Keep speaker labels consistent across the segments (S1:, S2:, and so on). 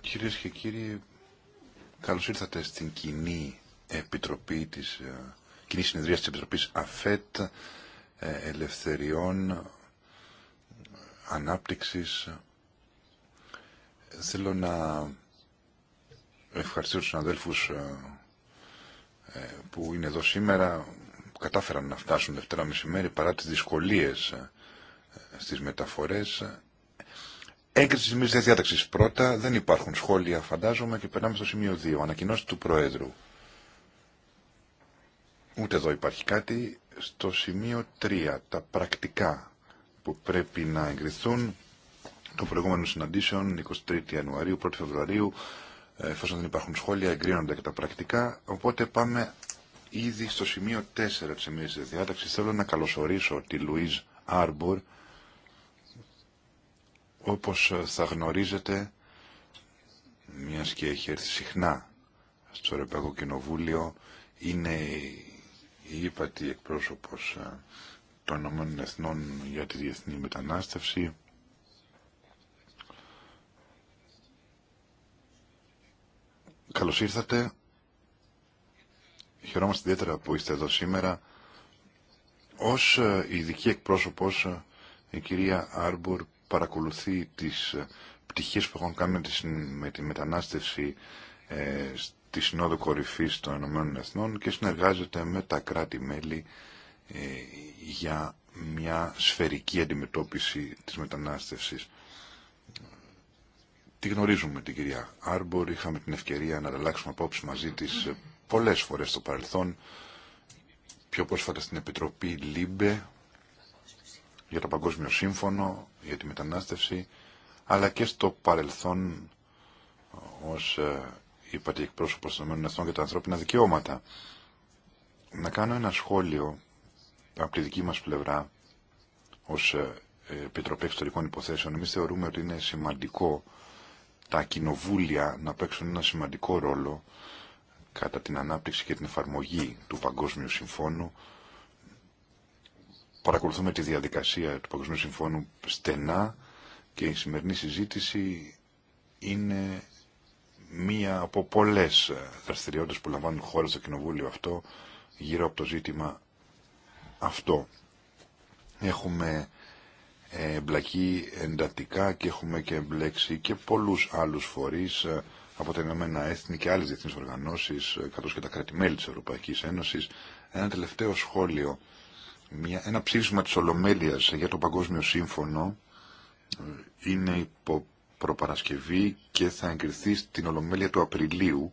S1: Κυρίες και κύριοι, καλώς ήρθατε στην κοινή επιτροπή της, ε, κοινή συνεδρία της Επιτροπής ΑΦΕΤ ε, Ελευθεριών ε, Ανάπτυξης. Θέλω να ευχαριστήσω τους αδέλφους που είναι εδώ σήμερα, που κατάφεραν να φτάσουν Δευτέρα μεσημέρι παρά τις δυσκολίες στις μεταφορές. Έγκριση της μίλης διάταξης πρώτα, δεν υπάρχουν σχόλια φαντάζομαι και περνάμε στο σημείο 2, ανακοινώση του Προέδρου. Ούτε εδώ υπάρχει κάτι. Στο σημείο 3, τα πρακτικά που πρέπει να εγκριθούν των προηγούμενων συναντήσεων, 23 Ιανουαρίου, 1 Φεβρουαρίου, εφόσον δεν υπάρχουν σχόλια, εγκρίνονται και τα πρακτικά. Οπότε πάμε ήδη στο σημείο 4 της εμείς διάταξης. Θέλω να καλωσορίσω τη Λουίζ Άρμπορ, όπως ε, θα γνωρίζετε, μιας και έχει έρθει συχνά στο Ρεπέγο Κοινοβούλιο, είναι η ύπατη εκπρόσωπος ε, των Ηνωμένων Εθνών για τη Διεθνή Μετανάστευση. Καλώς ήρθατε. Χαιρόμαστε ιδιαίτερα που είστε εδώ σήμερα. Ως ε, ειδική εκπρόσωπος, η κυρία Άρμπουρ παρακολουθεί τις ε, πτυχές που έχουν κάνει με τη μετανάστευση ε, στη Συνόδο Κορυφής των Ηνωμένων Εθνών και συνεργάζεται με τα κράτη-μέλη ε, για μια σφαιρική αντιμετώπιση της μετανάστευσης. Τη γνωρίζουμε την κυρία Άρμπορ, είχαμε την ευκαιρία να ανταλλάξουμε απόψη μαζί της ε, πολλές φορές στο παρελθόν, πιο πρόσφατα στην Επιτροπή ΛΥΜΠΕ, για το Παγκόσμιο Σύμφωνο, για τη μετανάστευση, αλλά και στο παρελθόν ε, ως ε, είπατε εκπρόσωπος των Εθνών για τα ανθρώπινα δικαιώματα. Να κάνω ένα σχόλιο από τη δική μας πλευρά ως ε, Επιτροπή Εξωτερικών Υποθέσεων. Εμείς θεωρούμε ότι είναι σημαντικό τα κοινοβούλια να παίξουν ένα σημαντικό ρόλο κατά την ανάπτυξη και την εφαρμογή του Παγκόσμιου Συμφώνου παρακολουθούμε τη διαδικασία του Παγκοσμίου Συμφώνου στενά και η σημερινή συζήτηση είναι μία από πολλές δραστηριότητες που λαμβάνουν χώρα στο Κοινοβούλιο αυτό γύρω από το ζήτημα αυτό. Έχουμε εμπλακεί εντατικά και έχουμε και εμπλέξει και πολλούς άλλους φορείς ε, από τα Ηνωμένα Έθνη και άλλες διεθνείς οργανώσεις ε, καθώς και τα κράτη-μέλη της Ευρωπαϊκής Ένωσης. Ένα τελευταίο σχόλιο μια, ένα ψήφισμα της Ολομέλειας για το Παγκόσμιο Σύμφωνο ε, είναι υπό προπαρασκευή και θα εγκριθεί στην Ολομέλεια του Απριλίου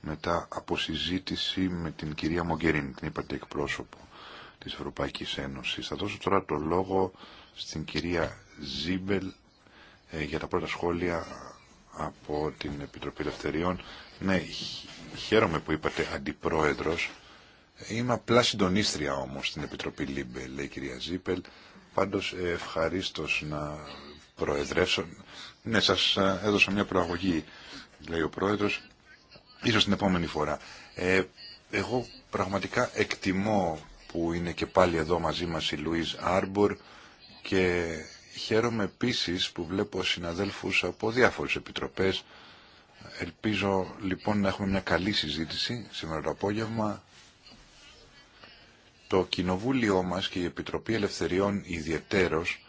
S1: μετά από συζήτηση με την κυρία Μογκερίνη, την είπατε εκπρόσωπο της Ευρωπαϊκής Ένωσης. Θα δώσω τώρα το λόγο στην κυρία Ζίμπελ ε, για τα πρώτα σχόλια από την Επιτροπή Ελευθεριών. Ναι, χαίρομαι που είπατε αντιπρόεδρος. Είμαι απλά συντονίστρια όμως στην Επιτροπή ΛΥΜΠΕ, λέει η κυρία Ζίπελ. Πάντως ε, ευχαρίστως να προεδρεύσω. Ναι, σας ε, έδωσα μια προαγωγή, λέει ο πρόεδρος, ίσως την επόμενη φορά. Ε, εγώ πραγματικά εκτιμώ που είναι και πάλι εδώ μαζί μας η Λουίζ Άρμπορ και χαίρομαι επίσης που βλέπω συναδέλφους από διάφορες επιτροπές. Ελπίζω λοιπόν να έχουμε μια καλή συζήτηση σήμερα το απόγευμα. Το Κοινοβούλιο μας και η Επιτροπή Ελευθεριών ιδιαιτέρως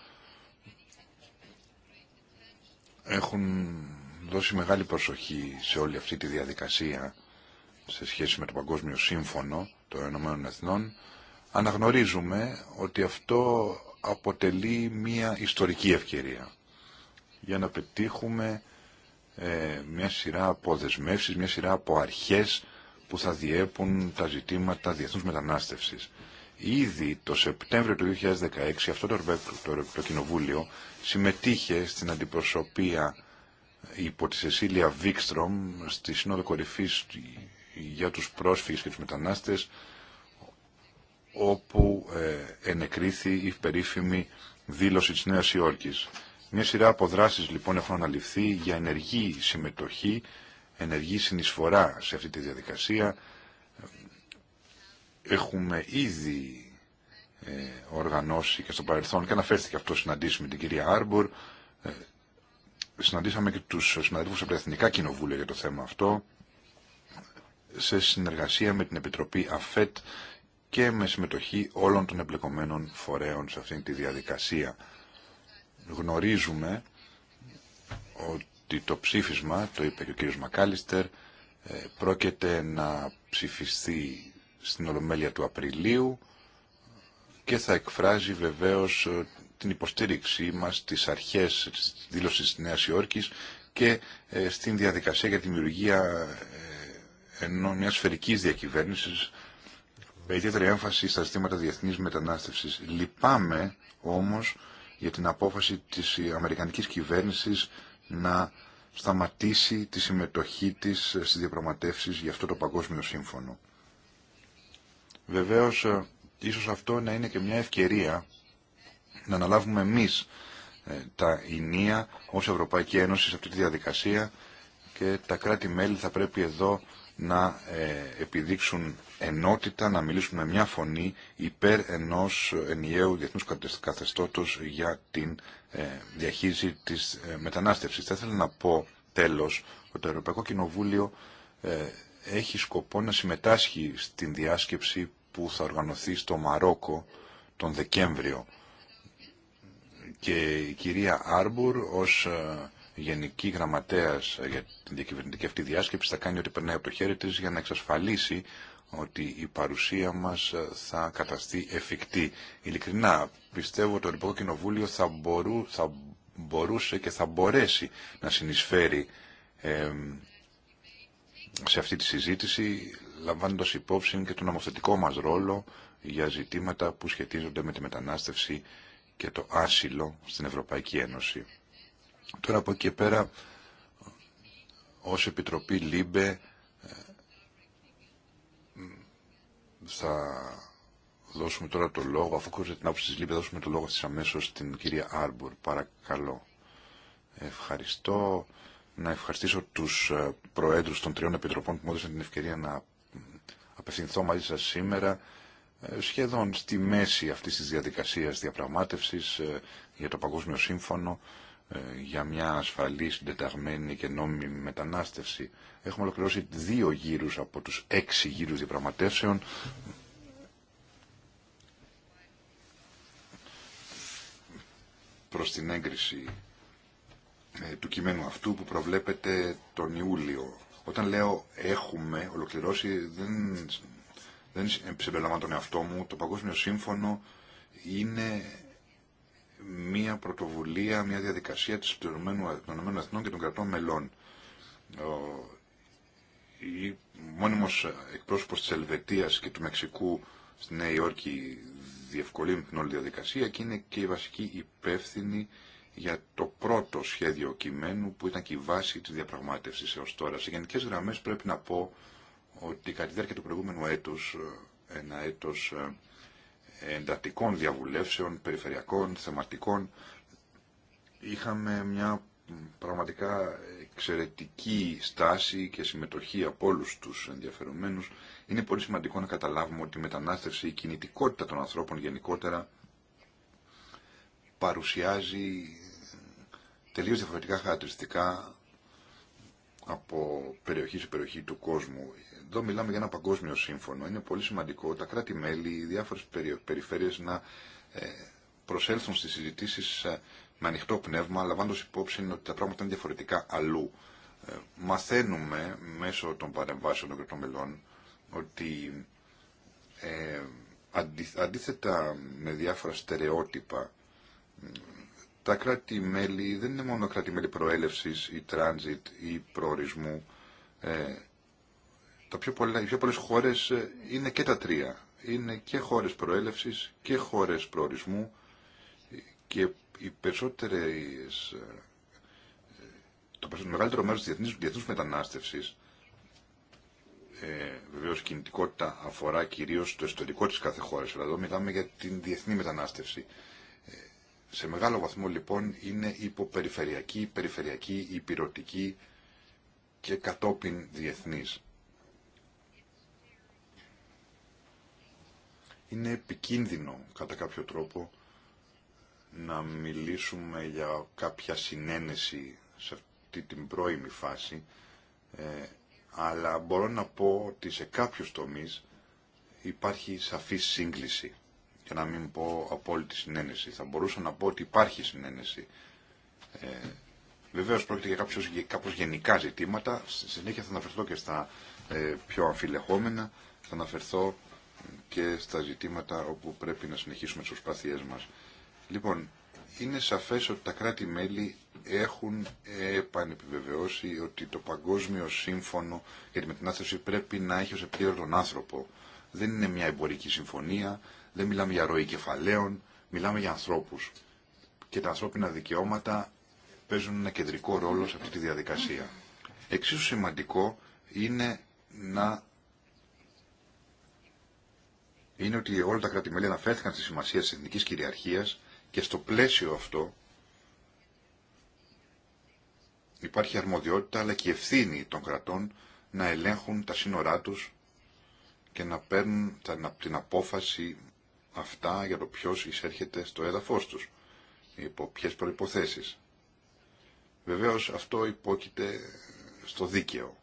S1: έχουν δώσει μεγάλη προσοχή σε όλη αυτή τη διαδικασία σε σχέση με το Παγκόσμιο Σύμφωνο των Ηνωμένων Εθνών. Αναγνωρίζουμε ότι αυτό αποτελεί μια ιστορική ευκαιρία για να πετύχουμε ε, μια σειρά από δεσμεύσεις, μια σειρά από αρχές που θα διέπουν τα ζητήματα διεθνούς μετανάστευσης. Ήδη το Σεπτέμβριο του 2016 αυτό το, το, το κοινοβούλιο συμμετείχε στην αντιπροσωπεία υπό τη Σεσίλια Βίκστρομ στη Σύνοδο Κορυφής για τους πρόσφυγες και τους μετανάστες όπου ε, ενεκρίθη η περίφημη δήλωση της Νέας Υόρκης. Μια σειρά από δράσεις λοιπόν έχουν αναλυφθεί για ενεργή συμμετοχή, ενεργή συνεισφορά σε αυτή τη διαδικασία έχουμε ήδη ε, οργανώσει και στο παρελθόν και αναφέρθηκε αυτό συναντήσει με την κυρία Άρμπορ. Ε, συναντήσαμε και τους συναδέλφους από τα Εθνικά Κοινοβούλια για το θέμα αυτό σε συνεργασία με την Επιτροπή ΑΦΕΤ και με συμμετοχή όλων των εμπλεκομένων φορέων σε αυτή τη διαδικασία. Γνωρίζουμε ότι το ψήφισμα, το είπε και ο κ. Μακάλιστερ, ε, πρόκειται να ψηφιστεί στην Ολομέλεια του Απριλίου και θα εκφράζει βεβαίως ε, την υποστήριξή μας στις αρχές της δήλωσης της Νέας Υόρκης και ε, στην διαδικασία για τη δημιουργία ε, ενώ μιας σφαιρικής διακυβέρνησης με ιδιαίτερη έμφαση στα ζητήματα διεθνής μετανάστευσης. Λυπάμαι όμως για την απόφαση της Αμερικανικής κυβέρνησης να σταματήσει τη συμμετοχή της στις διαπραγματεύσεις για αυτό το παγκόσμιο σύμφωνο. Βεβαίως, ε, ίσως αυτό να είναι και μια ευκαιρία να αναλάβουμε εμείς ε, τα ηνία ως Ευρωπαϊκή Ένωση σε αυτή τη διαδικασία και τα κράτη-μέλη θα πρέπει εδώ να ε, επιδείξουν ενότητα, να μιλήσουν μια φωνή υπέρ ενός ενιαίου διεθνούς καθεστώτος για την διαχείριση της μετανάστευσης. Θα ήθελα να πω τέλος ότι το Ευρωπαϊκό Κοινοβούλιο έχει σκοπό να συμμετάσχει στην διάσκεψη που θα οργανωθεί στο Μαρόκο τον Δεκέμβριο. Και η κυρία Άρμπουρ ως ε, γενική γραμματέας για την διακυβερνητική αυτή διάσκεψη θα κάνει ό,τι περνάει από το χέρι της για να εξασφαλίσει ότι η παρουσία μας ε, θα καταστεί εφικτή. Ειλικρινά, πιστεύω ότι το Ελληνικό Κοινοβούλιο θα, μπορού, θα μπορούσε και θα μπορέσει να συνεισφέρει σε αυτή τη συζήτηση λαμβάνοντας υπόψη και τον νομοθετικό μας ρόλο για ζητήματα που σχετίζονται με τη μετανάστευση και το άσυλο στην Ευρωπαϊκή Ένωση. Τώρα από εκεί και πέρα, ως Επιτροπή ΛΥΜΠΕ ε, θα δώσουμε τώρα το λόγο, αφού ακούσετε την άποψη της ΛΥΜΠΕ, θα δώσουμε το λόγο στις αμέσως στην κυρία Άρμπορ. Παρακαλώ. Ευχαριστώ. Να ευχαριστήσω τους ε, προέδρους των τριών επιτροπών που μου έδωσαν την ευκαιρία να απευθυνθώ μαζί σας σήμερα ε, σχεδόν στη μέση αυτής της διαδικασίας διαπραγμάτευσης ε, για το Παγκόσμιο Σύμφωνο ε, για μια ασφαλή, συντεταγμένη και νόμιμη μετανάστευση. Έχουμε ολοκληρώσει δύο γύρους από τους έξι γύρους διαπραγματεύσεων. προς την έγκριση του κειμένου αυτού που προβλέπεται τον Ιούλιο όταν λέω έχουμε ολοκληρώσει, δεν, δεν συμπεριλαμβάνω τον εαυτό μου. Το Παγκόσμιο Σύμφωνο είναι μια πρωτοβουλία, μια διαδικασία της των και των κρατών μελών. Ο, μόνιμος εκπρόσωπος της Ελβετίας και του Μεξικού στη Νέα Υόρκη διευκολύνει την όλη διαδικασία και είναι και η βασική υπεύθυνη για το πρώτο σχέδιο κειμένου που ήταν και η βάση της διαπραγμάτευσης έως τώρα. Σε γενικές γραμμές πρέπει να πω ότι κατά τη διάρκεια του προηγούμενου έτους, ένα έτος ε, εντατικών διαβουλεύσεων, περιφερειακών, θεματικών, είχαμε μια πραγματικά εξαιρετική στάση και συμμετοχή από όλους τους ενδιαφερομένους. Είναι πολύ σημαντικό να καταλάβουμε ότι η μετανάστευση, η κινητικότητα των ανθρώπων γενικότερα παρουσιάζει τελείως διαφορετικά χαρακτηριστικά από περιοχή σε περιοχή του κόσμου. Εδώ μιλάμε για ένα παγκόσμιο σύμφωνο. Είναι πολύ σημαντικό τα κράτη-μέλη, οι διάφορες περιφέρειες να ε, προσέλθουν στις συζητήσεις ε, με ανοιχτό πνεύμα, λαμβάνοντας υπόψη ότι τα πράγματα είναι διαφορετικά αλλού. Ε, μαθαίνουμε μέσω των παρεμβάσεων των κρατών μελών ότι αντίθετα με διάφορα στερεότυπα τα κράτη-μέλη δεν είναι μόνο κράτη-μέλη προέλευσης ή τράνζιτ ή προορισμού. Ε, τα πιο πολλά, οι πιο πολλές χώρες ε, είναι και τα τρία. Είναι και χώρες προέλευσης και χώρες προορισμού και οι περισσότερες, ε, το μεγαλύτερο μέρος της διεθνής, διεθνούς μετανάστευσης ε, Βεβαίω κινητικότητα αφορά κυρίως το ιστορικό της κάθε χώρα, εδώ μιλάμε για την διεθνή μετανάστευση. Σε μεγάλο βαθμό λοιπόν είναι υποπεριφερειακή, περιφερειακή, υπηρετική και κατόπιν διεθνής. Είναι επικίνδυνο κατά κάποιο τρόπο να μιλήσουμε για κάποια συνένεση σε αυτή την πρώιμη φάση, ε, αλλά μπορώ να πω ότι σε κάποιους τομείς υπάρχει σαφή σύγκληση για να μην πω απόλυτη συνένεση. Θα μπορούσα να πω ότι υπάρχει συνένεση. Ε, Βεβαίω πρόκειται για κάποιους, κάπως γενικά ζητήματα. Στη συνέχεια θα αναφερθώ και στα ε, πιο αμφιλεχόμενα. Θα αναφερθώ και στα ζητήματα όπου πρέπει να συνεχίσουμε τις προσπάθειές μας. Λοιπόν, είναι σαφές ότι τα κράτη-μέλη έχουν επανεπιβεβαιώσει ότι το Παγκόσμιο Σύμφωνο για τη Μετανάστευση πρέπει να έχει ως τον άνθρωπο. Δεν είναι μια εμπορική συμφωνία, δεν μιλάμε για ροή κεφαλαίων, μιλάμε για ανθρώπους. Και τα ανθρώπινα δικαιώματα παίζουν ένα κεντρικό ρόλο σε αυτή τη διαδικασία. Εξίσου σημαντικό είναι να είναι ότι όλα τα κράτη-μέλη αναφέρθηκαν στη σημασία της εθνικής κυριαρχίας και στο πλαίσιο αυτό υπάρχει αρμοδιότητα αλλά και ευθύνη των κρατών να ελέγχουν τα σύνορά τους και να παίρνουν την απόφαση αυτά για το ποιος εισέρχεται στο έδαφος τους, υπό ποιες προϋποθέσεις. Βεβαίως αυτό υπόκειται στο δίκαιο,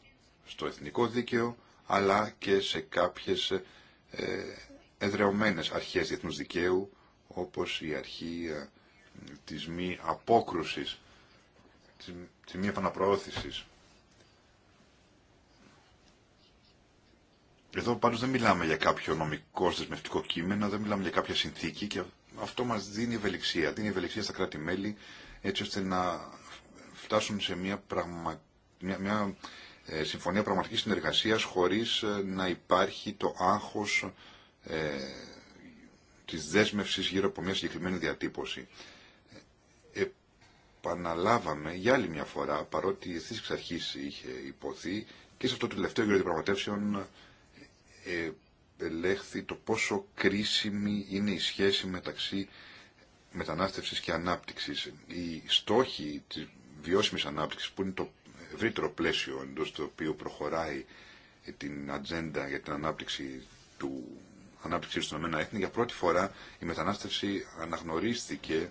S1: στο εθνικό δίκαιο, αλλά και σε κάποιες ε, εδρεωμένες αρχές διεθνούς δικαίου, όπως η αρχή ε, της μη απόκρουσης, της, της μη επαναπροώθησης Εδώ πάντως δεν μιλάμε για κάποιο νομικό δεσμευτικό κείμενο, δεν μιλάμε για κάποια συνθήκη και αυτό μας δίνει ευελιξία. Δίνει ευελιξία στα κράτη-μέλη έτσι ώστε να φτάσουν σε μια, πραγμα... μια, ε, συμφωνία πραγματικής συνεργασίας χωρίς ε, να υπάρχει το άγχος ε, της δέσμευσης γύρω από μια συγκεκριμένη διατύπωση. Παναλάβαμε επαναλάβαμε για άλλη μια φορά, παρότι ευθύς εξ αρχής είχε υποθεί, και σε αυτό το τελευταίο γύρο διαπραγματεύσεων ελέγχθη το πόσο κρίσιμη είναι η σχέση μεταξύ μετανάστευσης και ανάπτυξης. Οι στόχοι της βιώσιμης ανάπτυξης που είναι το ευρύτερο πλαίσιο εντός του οποίου προχωράει την ατζέντα για την ανάπτυξη του ανάπτυξη των έθνη για πρώτη φορά η μετανάστευση αναγνωρίστηκε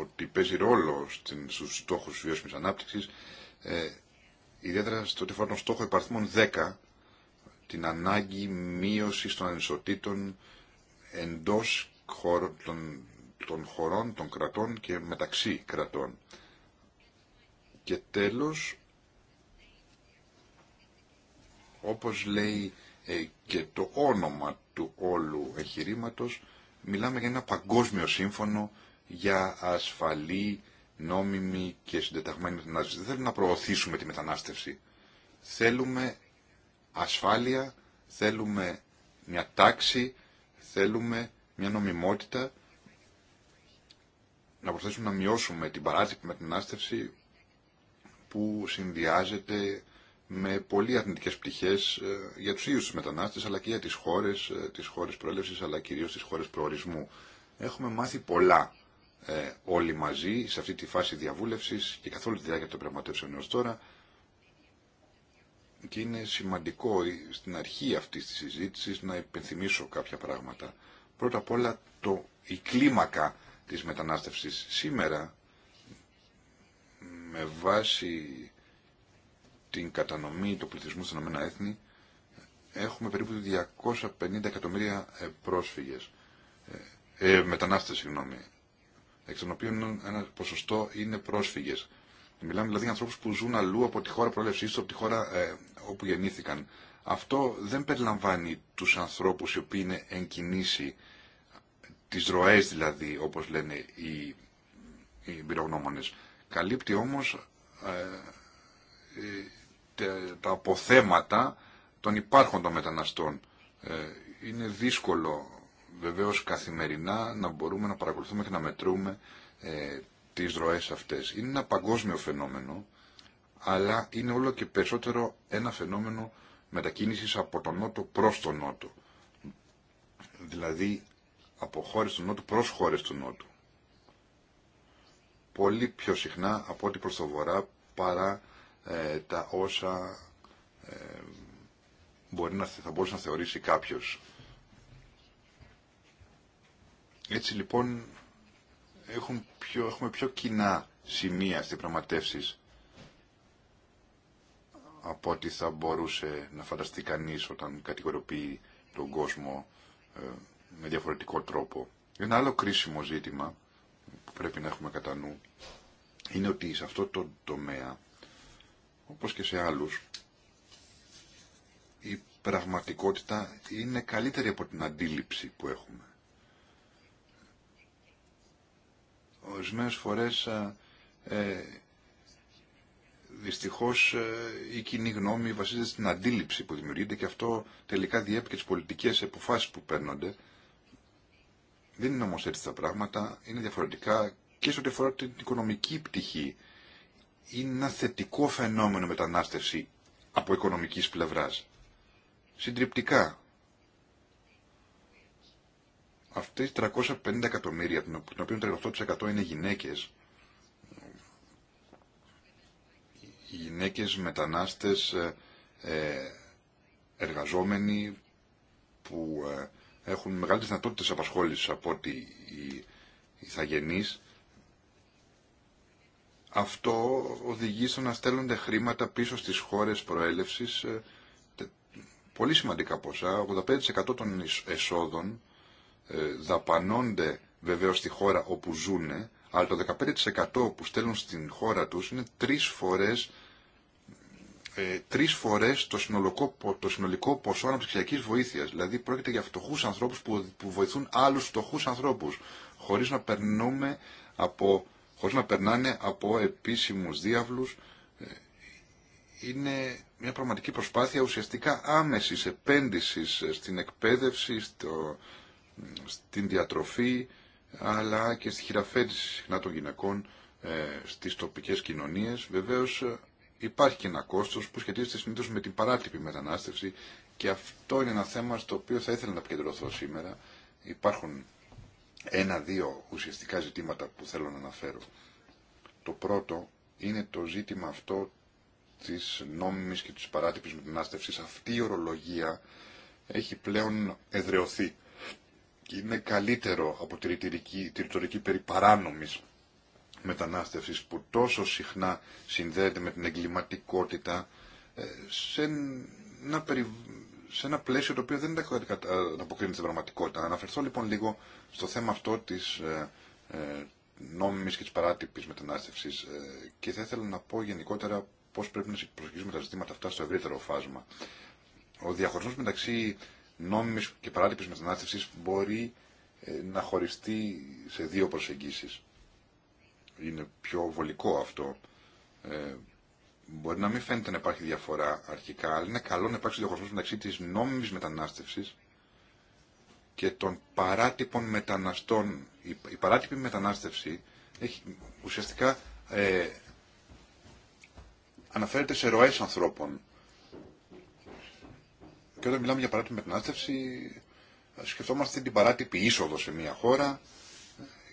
S1: ότι παίζει ρόλο στους στόχους βιώσιμης ανάπτυξης ε, ιδιαίτερα στο ότι αφορά στόχο υπαριθμών 10, την ανάγκη μείωση των ανισοτήτων εντό των, χωρών, των κρατών και μεταξύ κρατών. Και τέλος, όπως λέει ε, και το όνομα του όλου εγχειρήματο, μιλάμε για ένα παγκόσμιο σύμφωνο για ασφαλή νόμιμη και συντεταγμένη μετανάστευση. Δεν θέλουμε να προωθήσουμε τη μετανάστευση. Θέλουμε ασφάλεια, θέλουμε μια τάξη, θέλουμε μια νομιμότητα να προσθέσουμε να μειώσουμε την παράτυπη μετανάστευση που συνδυάζεται με πολύ αρνητικές πτυχές ε, για τους ίδιους τους μετανάστες αλλά και για τις χώρες, ε, τις χώρες προέλευσης αλλά κυρίως τις χώρες προορισμού. Έχουμε μάθει πολλά ε, όλοι μαζί σε αυτή τη φάση διαβούλευσης και καθόλου τη διάρκεια των πραγματεύσεων έως τώρα και είναι σημαντικό στην αρχή αυτής της συζήτησης να υπενθυμίσω κάποια πράγματα. Πρώτα απ' όλα το, η κλίμακα της μετανάστευσης σήμερα με βάση την κατανομή του πληθυσμού στην έθνη έχουμε περίπου 250 εκατομμύρια ε, πρόσφυγες, ε, ε, μετανάστες συγγνώμη, Εξ των οποίων ένα ποσοστό είναι πρόσφυγες. Μιλάμε δηλαδή για ανθρώπου που ζουν αλλού από τη χώρα προέλευσή του, από τη χώρα ε, όπου γεννήθηκαν. Αυτό δεν περιλαμβάνει τους ανθρώπους οι οποίοι είναι εν κινήσει, τις ροές δηλαδή, όπως λένε οι, οι πυρογνώμονες. Καλύπτει όμως ε, ε τα αποθέματα των υπάρχοντων μεταναστών. Ε, είναι δύσκολο βεβαίως καθημερινά να μπορούμε να παρακολουθούμε και να μετρούμε ε, τις ροές αυτές. Είναι ένα παγκόσμιο φαινόμενο, αλλά είναι όλο και περισσότερο ένα φαινόμενο μετακίνησης από τον νότο προς τον νότο. Δηλαδή από χώρες του νότου προς χώρες του νότου. Πολύ πιο συχνά από ό,τι προς το βορρά παρά ε, τα όσα ε, μπορεί να, θα μπορούσε να θεωρήσει κάποιος έτσι λοιπόν έχουν πιο, έχουμε πιο κοινά σημεία στις πραγματεύσεις από ό,τι θα μπορούσε να φανταστεί κανείς όταν κατηγοροποιεί τον κόσμο ε, με διαφορετικό τρόπο. Ένα άλλο κρίσιμο ζήτημα που πρέπει να έχουμε κατά νου είναι ότι σε αυτό το τομέα, όπως και σε άλλους, η πραγματικότητα είναι καλύτερη από την αντίληψη που έχουμε. Ορισμένε φορέ ε, δυστυχώς ε, η κοινή γνώμη βασίζεται στην αντίληψη που δημιουργείται και αυτό τελικά διέπει και τις πολιτικές αποφάσει που παίρνονται. Δεν είναι όμως έτσι τα πράγματα, είναι διαφορετικά και σε ό,τι αφορά την οικονομική πτυχή. Είναι ένα θετικό φαινόμενο μετανάστευση από οικονομικής πλευράς. Συντριπτικά Αυτές 350 εκατομμύρια, των οποίων 38% είναι γυναίκες, οι γυναίκες μετανάστες ε, ε, εργαζόμενοι που ε, έχουν μεγάλες δυνατότητες απασχόλησης από ότι οι θαγενείς, αυτό οδηγεί στο να στέλνονται χρήματα πίσω στις χώρες προέλευσης, πολύ σημαντικά ποσά, 85% των εσόδων ε, δαπανώνται βεβαίως στη χώρα όπου ζούνε, αλλά το 15% που στέλνουν στην χώρα τους είναι τρεις φορές, ε, τρεις φορές το, συνολικό, το συνολικό ποσό αναψυξιακής βοήθειας. Δηλαδή πρόκειται για φτωχούς ανθρώπους που, που βοηθούν άλλους φτωχούς ανθρώπους, χωρίς να, περνούμε από, χωρίς να περνάνε από επίσημους διάβλους. Ε, είναι μια πραγματική προσπάθεια ουσιαστικά άμεσης επένδυσης στην εκπαίδευση, στο, στην διατροφή αλλά και στη χειραφέτηση συχνά των γυναικών ε, στις τοπικές κοινωνίες. Βεβαίως ε, υπάρχει και ένα κόστος που σχετίζεται συνήθως με την παράτυπη μετανάστευση και αυτό είναι ένα θέμα στο οποίο θα ήθελα να επικεντρωθώ σήμερα. Υπάρχουν ένα-δύο ουσιαστικά ζητήματα που θέλω να αναφέρω. Το πρώτο είναι το ζήτημα αυτό της νόμιμης και της παράτυπης μετανάστευσης. Αυτή η ορολογία έχει πλέον εδρεωθεί είναι καλύτερο από τη ρητορική περί παράνομης μετανάστευσης που τόσο συχνά συνδέεται με την εγκληματικότητα ε, σε ένα, σε πλαίσιο το οποίο δεν αποκρίνεται στην πραγματικότητα. Να αναφερθώ λοιπόν λίγο στο θέμα αυτό της ε, ε, νόμιμης και της παράτυπης μετανάστευσης και θα ήθελα να πω γενικότερα πώς πρέπει να προσεγγίσουμε τα ζητήματα αυτά στο ευρύτερο φάσμα. Ο διαχωρισμός μεταξύ νόμιμη και παράτυπης μετανάστευση μπορεί ε, να χωριστεί σε δύο προσεγγίσεις. Είναι πιο βολικό αυτό. Ε, μπορεί να μην φαίνεται να υπάρχει διαφορά αρχικά, αλλά είναι καλό να υπάρξει διαχωρισμός μεταξύ της νόμιμης μετανάστευσης και των παράτυπων μεταναστών. Η, η παράτυπη μετανάστευση έχει, ουσιαστικά ε, αναφέρεται σε ροές ανθρώπων και όταν μιλάμε για παράτυπη μετανάστευση, σκεφτόμαστε την παράτυπη είσοδο σε μια χώρα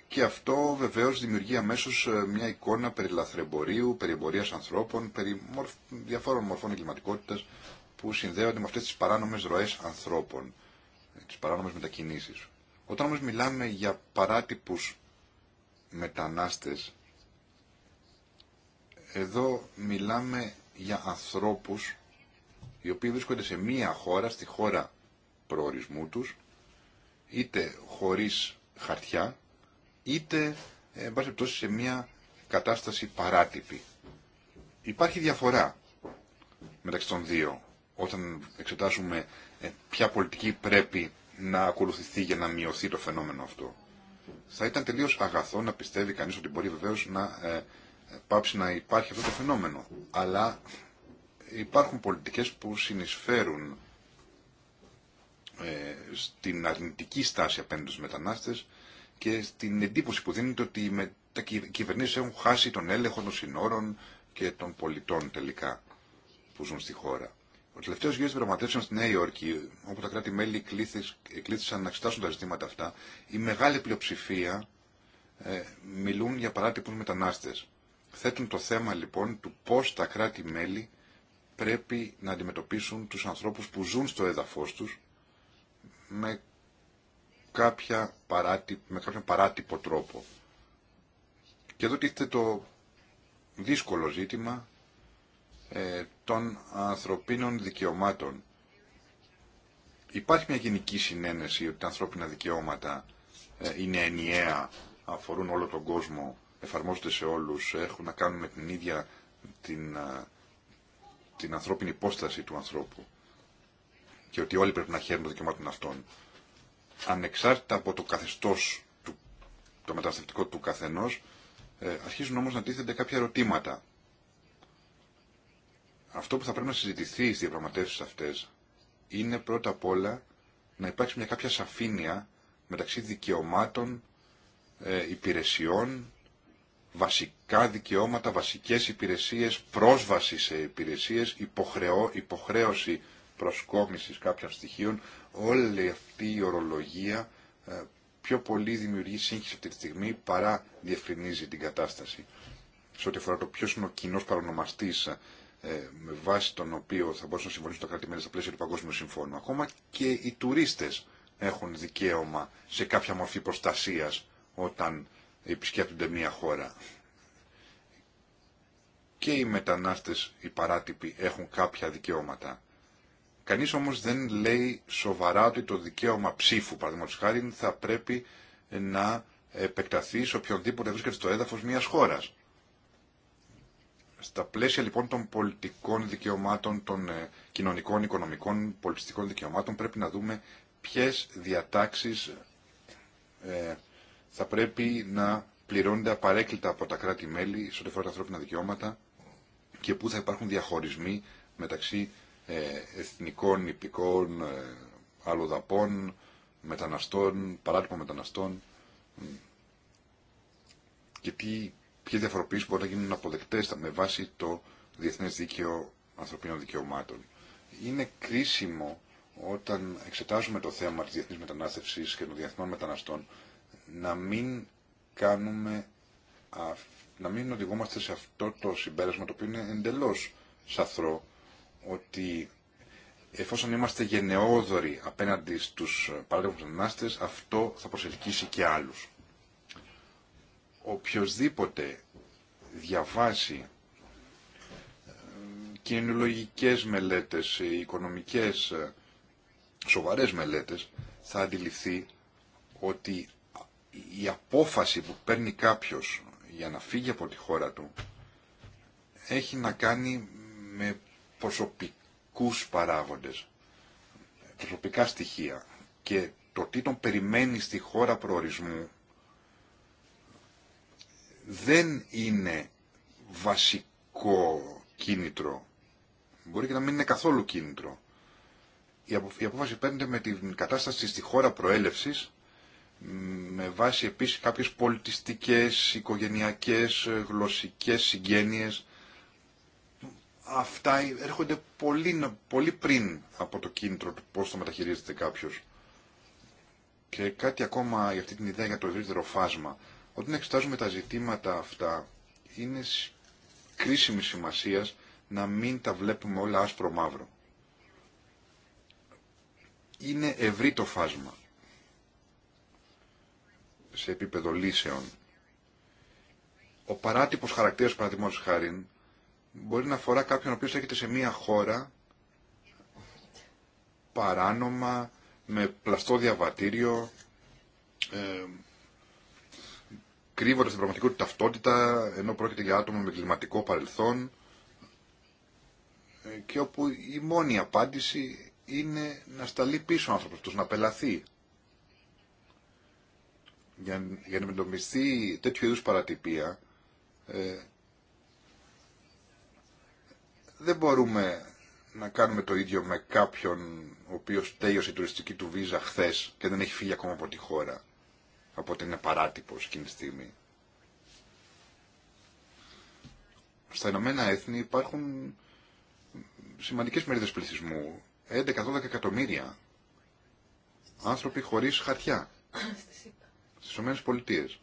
S1: και αυτό βεβαίως δημιουργεί αμέσω ε, μια εικόνα περί λαθρεμπορίου, περί εμπορία ανθρώπων, περί μορφ... διαφόρων μορφών εγκληματικότητα που συνδέονται με αυτές τις παράνομες ροέ ανθρώπων, ε, τις παράνομες μετακινήσεις. Όταν όμω μιλάμε για παράτυπου μετανάστε, εδώ μιλάμε για ανθρώπους οι οποίοι βρίσκονται σε μία χώρα, στη χώρα προορισμού τους, είτε χωρίς χαρτιά, είτε, ε, εν σε μία κατάσταση παράτυπη. Υπάρχει διαφορά μεταξύ των δύο, όταν εξετάσουμε ε, ποια πολιτική πρέπει να ακολουθηθεί για να μειωθεί το φαινόμενο αυτό. Θα ήταν τελείως αγαθό να πιστεύει κανείς ότι μπορεί βεβαίως να ε, πάψει να υπάρχει αυτό το φαινόμενο. Αλλά υπάρχουν πολιτικές που συνεισφέρουν ε, στην αρνητική στάση απέναντι στους μετανάστες και στην εντύπωση που δίνεται ότι οι, με, κυβερνήσεις έχουν χάσει τον έλεγχο των συνόρων και των πολιτών τελικά που ζουν στη χώρα. Ο τελευταίο γύρο διαπραγματεύσεων στη Νέα Υόρκη, όπου τα κράτη-μέλη εκλήθησαν να εξετάσουν τα ζητήματα αυτά, η μεγάλη πλειοψηφία ε, μιλούν για παράτυπου μετανάστε. Θέτουν το θέμα λοιπόν του πώ τα κράτη-μέλη πρέπει να αντιμετωπίσουν τους ανθρώπους που ζουν στο έδαφος τους με, κάποια παράτι, με κάποιον παράτυπο τρόπο. Και εδώ τίθεται το δύσκολο ζήτημα ε, των ανθρωπίνων δικαιωμάτων. Υπάρχει μια γενική συνένεση ότι τα ανθρώπινα δικαιώματα ε, είναι ενιαία, αφορούν όλο τον κόσμο, εφαρμόζονται σε όλους, έχουν να κάνουν με την ίδια την ε, την ανθρώπινη υπόσταση του ανθρώπου και ότι όλοι πρέπει να χαίρουν το δικαιωμάτων αυτών. Ανεξάρτητα από το καθεστώς, του, το μεταναστευτικό του καθενός, ε, αρχίζουν όμως να τίθενται κάποια ερωτήματα. Αυτό που θα πρέπει να συζητηθεί στις διαπραγματεύσεις αυτές είναι πρώτα απ' όλα να υπάρξει μια κάποια σαφήνεια μεταξύ δικαιωμάτων, ε, υπηρεσιών βασικά δικαιώματα, βασικές υπηρεσίες, πρόσβαση σε υπηρεσίες, υποχρεώ, υποχρέωση προσκόμισης κάποιων στοιχείων. Όλη αυτή η ορολογία ε, πιο πολύ δημιουργεί σύγχυση αυτή τη στιγμή παρά διευκρινίζει την κατάσταση. Σε ό,τι αφορά το ποιο είναι ο κοινό παρονομαστή ε, με βάση τον οποίο θα μπορούσαν να συμφωνήσουν τα κράτη-μέλη στα πλαίσια του Παγκόσμιου Συμφώνου. Ακόμα και οι τουρίστε έχουν δικαίωμα σε κάποια μορφή προστασία όταν επισκέπτονται μια χώρα. Και οι μετανάστες, οι παράτυποι, έχουν κάποια δικαιώματα. Κανείς όμως δεν λέει σοβαρά ότι το δικαίωμα ψήφου, παραδείγματος χάρη, θα πρέπει να επεκταθεί σε οποιονδήποτε βρίσκεται στο έδαφος μιας χώρας. Στα πλαίσια λοιπόν των πολιτικών δικαιωμάτων, των ε, κοινωνικών, οικονομικών, πολιτιστικών δικαιωμάτων πρέπει να δούμε ποιες διατάξεις ε, θα πρέπει να πληρώνεται απαρέκλητα από τα κράτη-μέλη σε ό,τι αφορά τα ανθρώπινα δικαιώματα και πού θα υπάρχουν διαχωρισμοί μεταξύ ε, εθνικών, υπηκών, ε, αλλοδαπών, μεταναστών, παράτυπων μεταναστών και τι, ποιες διαφοροποίησεις μπορεί να γίνουν αποδεκτές με βάση το Διεθνές Δίκαιο Ανθρωπίνων Δικαιωμάτων. Είναι κρίσιμο όταν εξετάζουμε το θέμα της διεθνής μετανάστευσης και των διεθνών μεταναστών να μην κάνουμε να μην οδηγούμαστε σε αυτό το συμπέρασμα το οποίο είναι εντελώς σαθρό ότι εφόσον είμαστε γενναιόδοροι απέναντι στους παράδειγμους μετανάστες αυτό θα προσελκύσει και άλλους. Οποιοςδήποτε διαβάσει ε, κοινωνιολογικές μελέτες, ε, οικονομικές ε, σοβαρές μελέτες θα αντιληφθεί ότι η απόφαση που παίρνει κάποιος για να φύγει από τη χώρα του έχει να κάνει με προσωπικούς παράγοντες, προσωπικά στοιχεία και το τι τον περιμένει στη χώρα προορισμού δεν είναι βασικό κίνητρο. Μπορεί και να μην είναι καθόλου κίνητρο. Η απόφαση παίρνεται με την κατάσταση στη χώρα προέλευσης με βάση επίσης κάποιες πολιτιστικές, οικογενειακές, γλωσσικές συγγένειες. Αυτά έρχονται πολύ, πολύ πριν από το κίνητρο του πώς το μεταχειρίζεται κάποιος. Και κάτι ακόμα για αυτή την ιδέα για το ευρύτερο φάσμα. Όταν εξετάζουμε τα ζητήματα αυτά, είναι κρίσιμη σημασία να μην τα βλέπουμε όλα άσπρο-μαύρο. Είναι ευρύ το φάσμα σε επίπεδο λύσεων. Ο παράτυπος χαρακτήρας, παραδείγματο Χάριν μπορεί να αφορά κάποιον ο οποίος έρχεται σε μία χώρα παράνομα, με πλαστό διαβατήριο, ε, κρύβοντας την πραγματική ταυτότητα, ενώ πρόκειται για άτομα με κλιματικό παρελθόν, ε, και όπου η μόνη απάντηση είναι να σταλεί πίσω ο άνθρωπος τους, να πελαθεί για, για να μετομιστεί τέτοιου είδους παρατυπία ε, δεν μπορούμε να κάνουμε το ίδιο με κάποιον ο οποίος τέλειωσε η τουριστική του βίζα χθες και δεν έχει φύγει ακόμα από τη χώρα από ότι είναι παράτυπος εκείνη τη στιγμή. Στα Ηνωμένα Έθνη υπάρχουν σημαντικές μερίδες πληθυσμού, 11-12 εκατομμύρια άνθρωποι χωρίς χαρτιά στις Ηνωμένες Πολιτείες.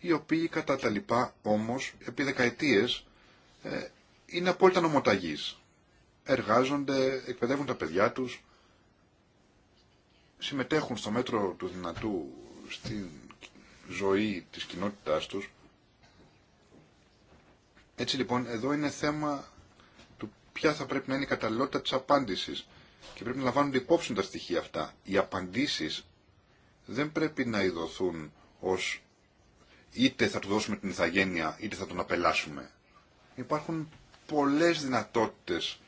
S1: Οι οποίοι κατά τα λοιπά όμως επί δεκαετίες ε, είναι απόλυτα νομοταγείς. Εργάζονται, εκπαιδεύουν τα παιδιά τους, συμμετέχουν στο μέτρο του δυνατού στην ζωή της κοινότητάς τους. Έτσι λοιπόν εδώ είναι θέμα του ποια θα πρέπει να είναι η καταλληλότητα της απάντησης και πρέπει να λαμβάνονται υπόψη τα στοιχεία αυτά. Οι απαντήσεις δεν πρέπει να ειδωθούν ως είτε θα του δώσουμε την ηθαγένεια είτε θα τον απελάσουμε. Υπάρχουν πολλές δυνατότητες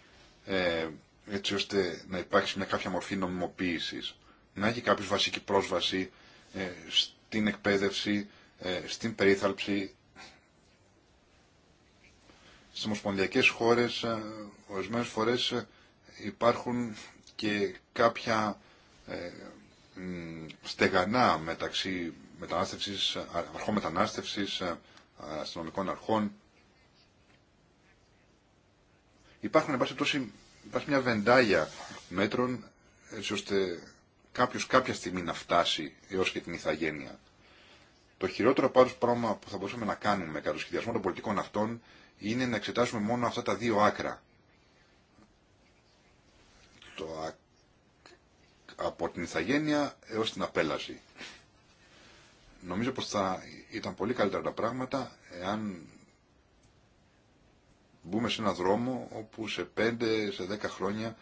S1: ε, έτσι ώστε να υπάρξει μια κάποια μορφή νομιμοποίησης. Να έχει κάποιος βασική πρόσβαση ε, στην εκπαίδευση, ε, στην περίθαλψη. Στις ομοσπονδιακές χώρες ε, ορισμένες φορές υπάρχουν και κάποια ε, στεγανά μεταξύ μετανάστευσης, αρχών μετανάστευσης, ε, αστυνομικών αρχών. Υπάρχουν, εν τόση, υπάρχει μια βεντάγια μέτρων, έτσι ώστε κάποιος κάποια στιγμή να φτάσει έως και την ηθαγένεια. Το χειρότερο πάντως πράγμα που θα μπορούσαμε να κάνουμε κατά το σχεδιασμό των πολιτικών αυτών είναι να εξετάσουμε μόνο αυτά τα δύο άκρα το, από την ηθαγένεια έως την απέλαση. Νομίζω πως θα ήταν πολύ καλύτερα τα πράγματα εάν μπούμε σε ένα δρόμο όπου σε 5 σε δέκα χρόνια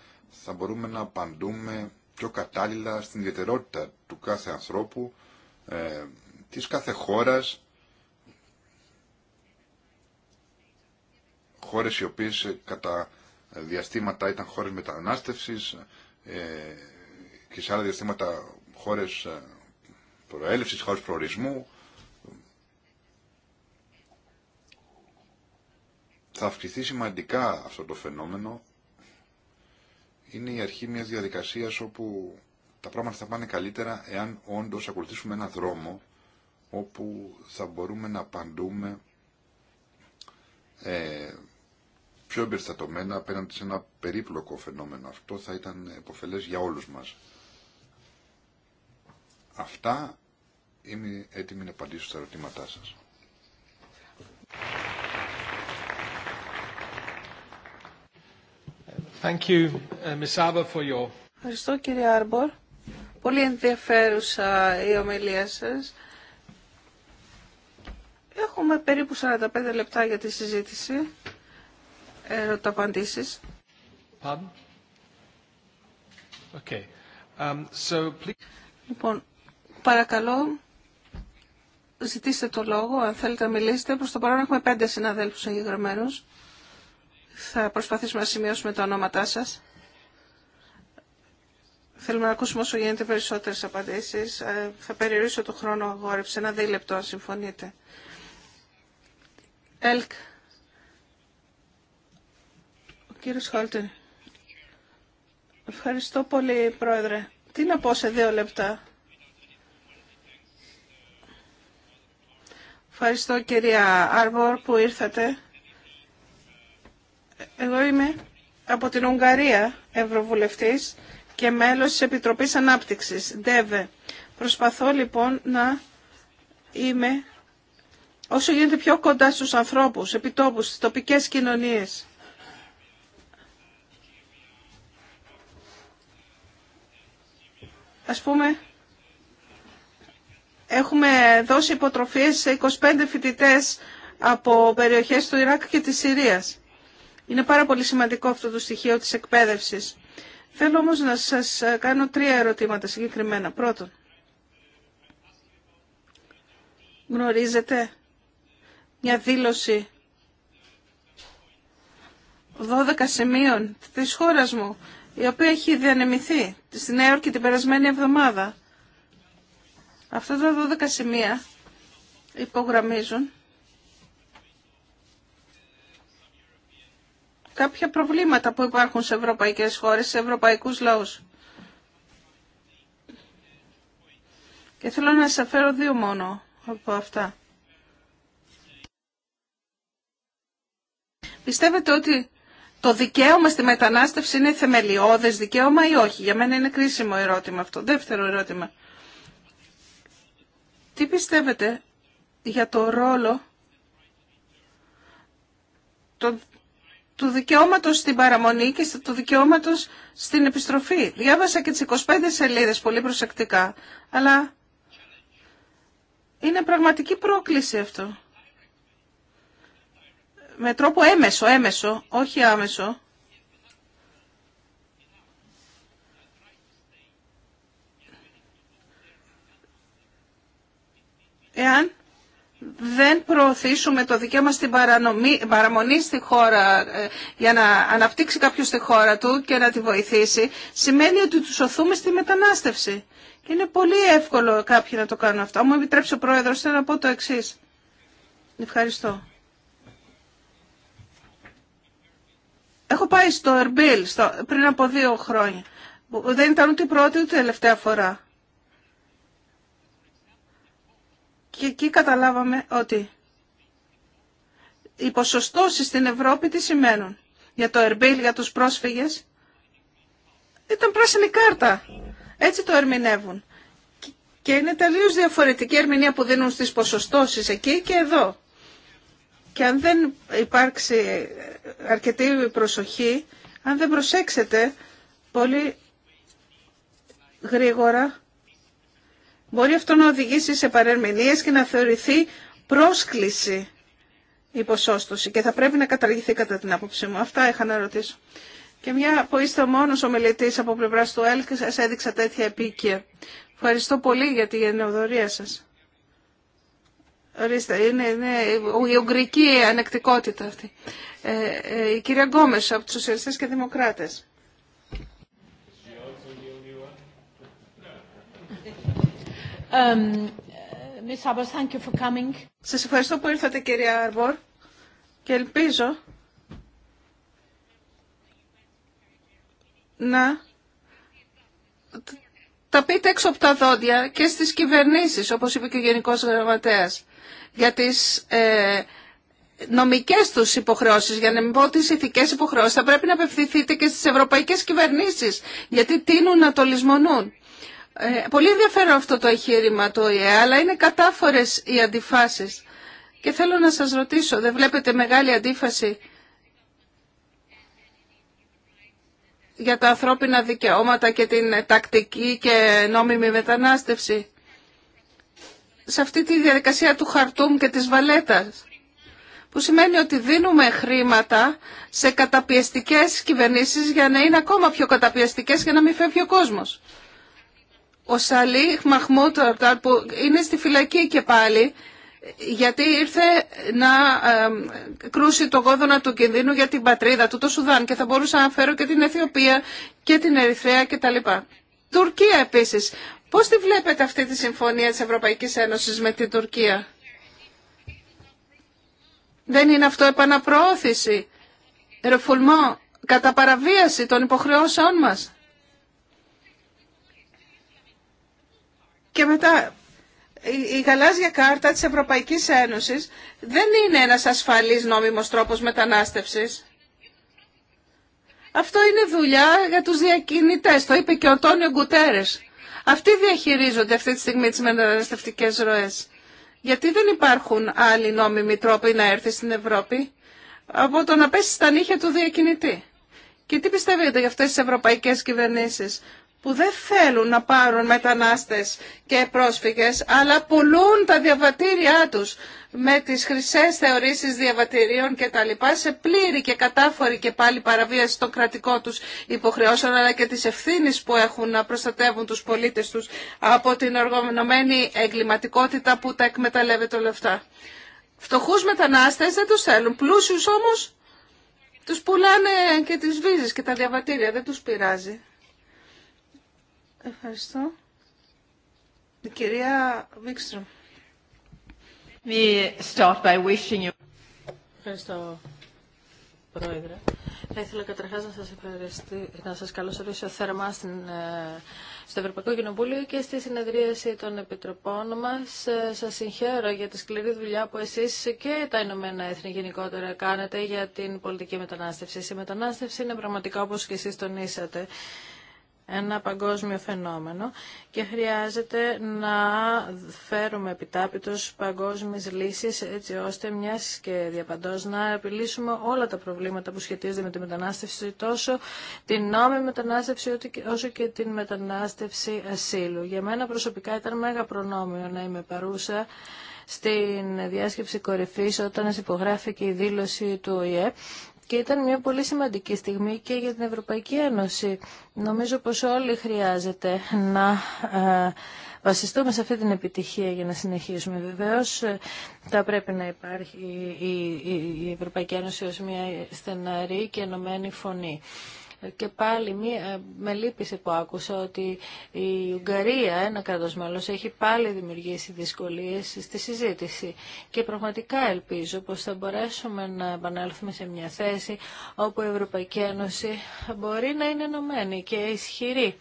S1: θα μπορούμε να απαντούμε πιο κατάλληλα στην ιδιαιτερότητα του κάθε ανθρώπου, ε, της κάθε χώρας, χώρες οι οποίες κατά διαστήματα ήταν χώρες μετανάστευσης ε, και σε άλλα διαστήματα χώρες ε, προέλευσης, χώρες προορισμού. Θα αυξηθεί σημαντικά αυτό το φαινόμενο. Είναι η αρχή μιας διαδικασίας όπου τα πράγματα θα πάνε καλύτερα εάν όντως ακολουθήσουμε ένα δρόμο όπου θα μπορούμε να απαντούμε ε, πιο εμπεριστατωμένα απέναντι σε ένα περίπλοκο φαινόμενο. Αυτό θα ήταν επωφελές για όλους μας. Αυτά είμαι έτοιμη να απαντήσω στα ερωτήματά σας.
S2: Thank you, uh, for your...
S3: Ευχαριστώ κύριε Άρμπορ. Πολύ ενδιαφέρουσα η ομιλία σας. Έχουμε περίπου 45 λεπτά για τη συζήτηση ερωταπαντήσεις. Pardon? Okay.
S4: Um, so, please...
S3: Λοιπόν, παρακαλώ, ζητήστε το λόγο, αν θέλετε να μιλήσετε. Προς το παρόν έχουμε πέντε συναδέλφους εγγεγραμμένους. Θα προσπαθήσουμε να σημειώσουμε τα ονόματά σας. Θέλουμε να ακούσουμε όσο γίνεται περισσότερες απαντήσεις. Ε, θα περιορίσω το χρόνο αγόρευση, ένα δίλεπτο αν συμφωνείτε. ΕΛΚ, Κύριε Σχόλτη, Ευχαριστώ πολύ, Πρόεδρε. Τι να πω σε δύο λεπτά. Ευχαριστώ, κυρία Άρβορ, που ήρθατε. Εγώ είμαι από την Ουγγαρία, Ευρωβουλευτής και μέλος της Επιτροπής Ανάπτυξης, ΔΕΒΕ. Προσπαθώ λοιπόν να είμαι όσο γίνεται πιο κοντά στους ανθρώπους, επιτόπους, στις τοπικές κοινωνίες. Ας πούμε, έχουμε δώσει υποτροφίες σε 25 φοιτητές από περιοχές του Ιράκ και της Συρίας. Είναι πάρα πολύ σημαντικό αυτό το στοιχείο της εκπαίδευσης. Θέλω όμως να σας κάνω τρία ερωτήματα συγκεκριμένα. Πρώτον, γνωρίζετε μια δήλωση 12 σημείων της χώρας μου η οποία έχει διανεμηθεί στη Νέα Υόρκη την περασμένη εβδομάδα. Αυτά τα 12 σημεία υπογραμμίζουν κάποια προβλήματα που υπάρχουν σε ευρωπαϊκές χώρες, σε ευρωπαϊκούς λαούς. Και θέλω να σας αφέρω δύο μόνο από αυτά. Πιστεύετε ότι το δικαίωμα στη μετανάστευση είναι θεμελιώδες δικαίωμα ή όχι. Για μένα είναι κρίσιμο ερώτημα αυτό. Δεύτερο ερώτημα. Τι πιστεύετε για το ρόλο του δικαιώματος στην παραμονή και του δικαιώματος στην επιστροφή. Διάβασα και τις 25 σελίδες πολύ προσεκτικά, αλλά είναι πραγματική πρόκληση αυτό με τρόπο έμεσο, έμεσο, όχι άμεσο. Εάν δεν προωθήσουμε το δικαίωμα στην παραμονή στη χώρα ε, για να αναπτύξει κάποιος τη χώρα του και να τη βοηθήσει, σημαίνει ότι του σωθούμε στη μετανάστευση. Και είναι πολύ εύκολο κάποιοι να το κάνουν αυτό. Αν μου επιτρέψει ο Πρόεδρος, θέλω να πω το εξής. Ευχαριστώ. Έχω πάει στο Ερμπίλ στο, πριν από δύο χρόνια. Δεν ήταν ούτε η πρώτη ούτε η τελευταία φορά. Και εκεί καταλάβαμε ότι οι ποσοστώσεις στην Ευρώπη τι σημαίνουν. Για το Ερμπίλ, για τους πρόσφυγες, ήταν πράσινη κάρτα. Έτσι το ερμηνεύουν. Και είναι τελείω διαφορετική ερμηνεία που δίνουν στις ποσοστώσεις εκεί και εδώ. Και αν δεν υπάρξει αρκετή προσοχή, αν δεν προσέξετε πολύ γρήγορα, μπορεί αυτό να οδηγήσει σε παρερμηνίες και να θεωρηθεί πρόσκληση η ποσόστοση και θα πρέπει να καταργηθεί κατά την άποψή μου. Αυτά είχα να ρωτήσω. Και μια που είστε μόνο ομιλητή από πλευρά του ΕΛΚ, σα έδειξα τέτοια επίκαια. Ευχαριστώ πολύ για τη γενναιοδορία σα. Ορίστε, είναι, είναι η ουγγρική ανεκτικότητα αυτή. Ε, ε, η κυρία Γκόμες από τους Σοσιαλιστές και Δημοκράτες. Um, thank you for coming. Σας ευχαριστώ που ήρθατε κυρία Άρβορ και ελπίζω να τα πείτε έξω από τα δόντια και στις κυβερνήσεις, όπως είπε και ο Γενικός Γραμματέας για τις ε, νομικές τους υποχρεώσεις, για να μην πω τις ηθικές υποχρεώσεις, θα πρέπει να απευθυνθείτε και στις ευρωπαϊκές κυβερνήσεις, γιατί τίνουν να το λησμονούν. Ε, πολύ ενδιαφέρον αυτό το εγχείρημα το ΟΗΕ αλλά είναι κατάφορες οι αντιφάσεις. Και θέλω να σας ρωτήσω, δεν βλέπετε μεγάλη αντίφαση για τα ανθρώπινα δικαιώματα και την τακτική και νόμιμη μετανάστευση σε αυτή τη διαδικασία του χαρτούμ και της βαλέτας που σημαίνει ότι δίνουμε χρήματα σε καταπιεστικές κυβερνήσεις για να είναι ακόμα πιο καταπιεστικές και να μην φεύγει ο κόσμος. Ο Σαλί Μαχμούτ που είναι στη φυλακή και πάλι γιατί ήρθε να κρούσει το γόδωνα του κινδύνου για την πατρίδα του, το Σουδάν και θα μπορούσα να φέρω και την Αιθιοπία και την Ερυθρέα κτλ. Τουρκία επίσης Πώς τη βλέπετε αυτή τη συμφωνία της Ευρωπαϊκής Ένωσης με την Τουρκία. Δεν είναι αυτό επαναπροώθηση, ρεφουλμό, κατά παραβίαση των υποχρεώσεών μας. Και μετά, η γαλάζια κάρτα της Ευρωπαϊκής Ένωσης δεν είναι ένας ασφαλής νόμιμος τρόπος μετανάστευσης. Αυτό είναι δουλειά για τους διακινητές, το είπε και ο Τόνιο Γκουτέρες. Αυτοί διαχειρίζονται αυτή τη στιγμή τις μεταναστευτικές ροές. Γιατί δεν υπάρχουν άλλοι νόμιμοι τρόποι να έρθει στην Ευρώπη από το να πέσει στα νύχια του διακινητή. Και τι πιστεύετε για αυτές τις ευρωπαϊκές κυβερνήσεις που δεν θέλουν να πάρουν μετανάστες και πρόσφυγες, αλλά πουλούν τα διαβατήριά τους με τις χρυσές θεωρήσεις διαβατηρίων και τα λοιπά σε πλήρη και κατάφορη και πάλι παραβίαση των κρατικών τους υποχρεώσεων αλλά και τις ευθύνες που έχουν να προστατεύουν τους πολίτες τους από την οργανωμένη εγκληματικότητα που τα εκμεταλλεύεται όλα αυτά. Φτωχούς μετανάστες δεν τους θέλουν, πλούσιους όμως τους πουλάνε και τις βίζες και τα διαβατήρια, δεν τους πειράζει. Ευχαριστώ. Η κυρία Βίξτρομ. start by wishing you...
S4: Ευχαριστώ, Πρόεδρε. Θα ήθελα καταρχά να σα να σας καλωσορίσω θερμά στην, ε, στο Ευρωπαϊκό Κοινοβούλιο και στη συνεδρίαση των επιτροπών μα. Ε, σα συγχαίρω για τη σκληρή δουλειά που εσεί και τα Ηνωμένα Έθνη γενικότερα κάνετε για την πολιτική μετανάστευση. Η μετανάστευση είναι πραγματικά όπω και εσεί τονίσατε ένα παγκόσμιο φαινόμενο και χρειάζεται να φέρουμε επιτάπητος παγκόσμιες λύσεις έτσι ώστε μιας και διαπαντός να επιλύσουμε όλα τα προβλήματα που σχετίζονται με τη μετανάστευση τόσο την νόμη μετανάστευση όσο και την μετανάστευση ασύλου. Για μένα προσωπικά ήταν μέγα προνόμιο να είμαι παρούσα στην διάσκεψη κορυφής όταν υπογράφηκε η δήλωση του ΟΗΕ και ήταν μια πολύ σημαντική στιγμή και για την Ευρωπαϊκή Ένωση. Νομίζω πως όλοι χρειάζεται να ε, βασιστούμε σε αυτή την επιτυχία για να συνεχίσουμε. Βεβαίως ε, θα πρέπει να υπάρχει η Ευρωπαϊκή Ένωση ως μια στεναρή και ενωμένη φωνή και πάλι ε, με λύπησε που άκουσα ότι η Ουγγαρία, ένα κράτος μέλος, έχει πάλι δημιουργήσει δυσκολίες στη συζήτηση. Και πραγματικά ελπίζω πως θα μπορέσουμε να επανέλθουμε σε μια θέση όπου η Ευρωπαϊκή Ένωση μπορεί να είναι ενωμένη και ισχυρή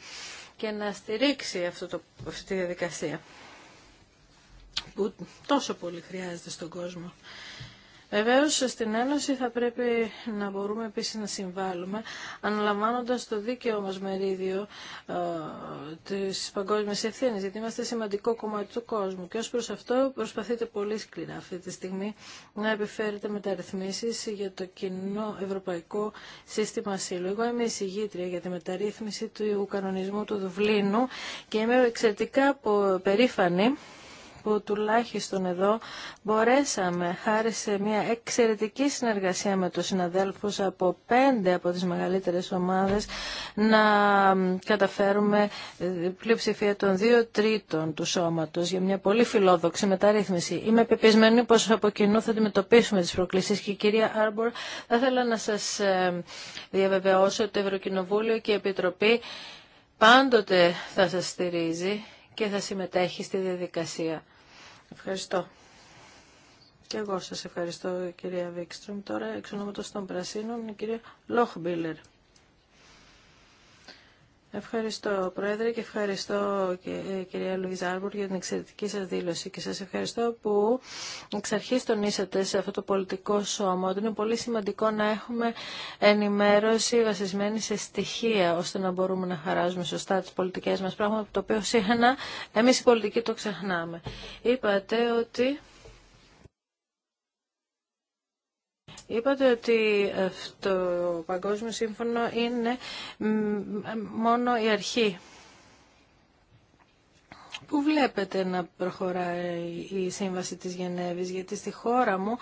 S4: και να στηρίξει αυτό το, αυτή τη διαδικασία που τόσο πολύ χρειάζεται στον κόσμο. Βεβαίω, στην Ένωση θα πρέπει να μπορούμε επίση να συμβάλλουμε αναλαμβάνοντας το δίκαιο μας μερίδιο τη ε, της παγκόσμιας ευθύνης γιατί είμαστε σημαντικό κομμάτι του κόσμου και ως προς αυτό προσπαθείτε πολύ σκληρά αυτή τη στιγμή να επιφέρετε μεταρρυθμίσει για το κοινό ευρωπαϊκό σύστημα ασύλου. Εγώ είμαι εισηγήτρια για τη μεταρρύθμιση του κανονισμού του Δουβλίνου και είμαι εξαιρετικά περήφανη που τουλάχιστον εδώ μπορέσαμε χάρη σε μια εξαιρετική συνεργασία με τους συναδέλφους από πέντε από τις μεγαλύτερες ομάδες να καταφέρουμε ε, πλειοψηφία των δύο τρίτων του σώματος για μια πολύ φιλόδοξη μεταρρύθμιση. Είμαι πεπισμένη πως από κοινού θα αντιμετωπίσουμε τις προκλήσεις και η κυρία Άρμπορ θα ήθελα να σας ε, διαβεβαιώσω ότι το Ευρωκοινοβούλιο και η Επιτροπή πάντοτε θα σας στηρίζει και θα συμμετέχει στη διαδικασία. Ευχαριστώ. Και εγώ σας ευχαριστώ κυρία Βίξτρομ. Τώρα εξ ονόματος των Πρασίνων η κυρία Λόχμπίλερ. Ευχαριστώ Πρόεδρε και ευχαριστώ ε, κυρία Λουίζα για την εξαιρετική σας δήλωση και σας ευχαριστώ που εξ αρχής τονίσατε σε αυτό το πολιτικό σώμα ότι είναι πολύ σημαντικό να έχουμε ενημέρωση βασισμένη σε στοιχεία ώστε να μπορούμε να χαράζουμε σωστά τις πολιτικές μας πράγματα το οποίο συχνά εμείς οι πολιτικοί το ξεχνάμε. Είπατε ότι Είπατε ότι το Παγκόσμιο Σύμφωνο είναι μόνο η αρχή. Πού βλέπετε να προχωράει η Σύμβαση της Γενέβης, γιατί στη χώρα μου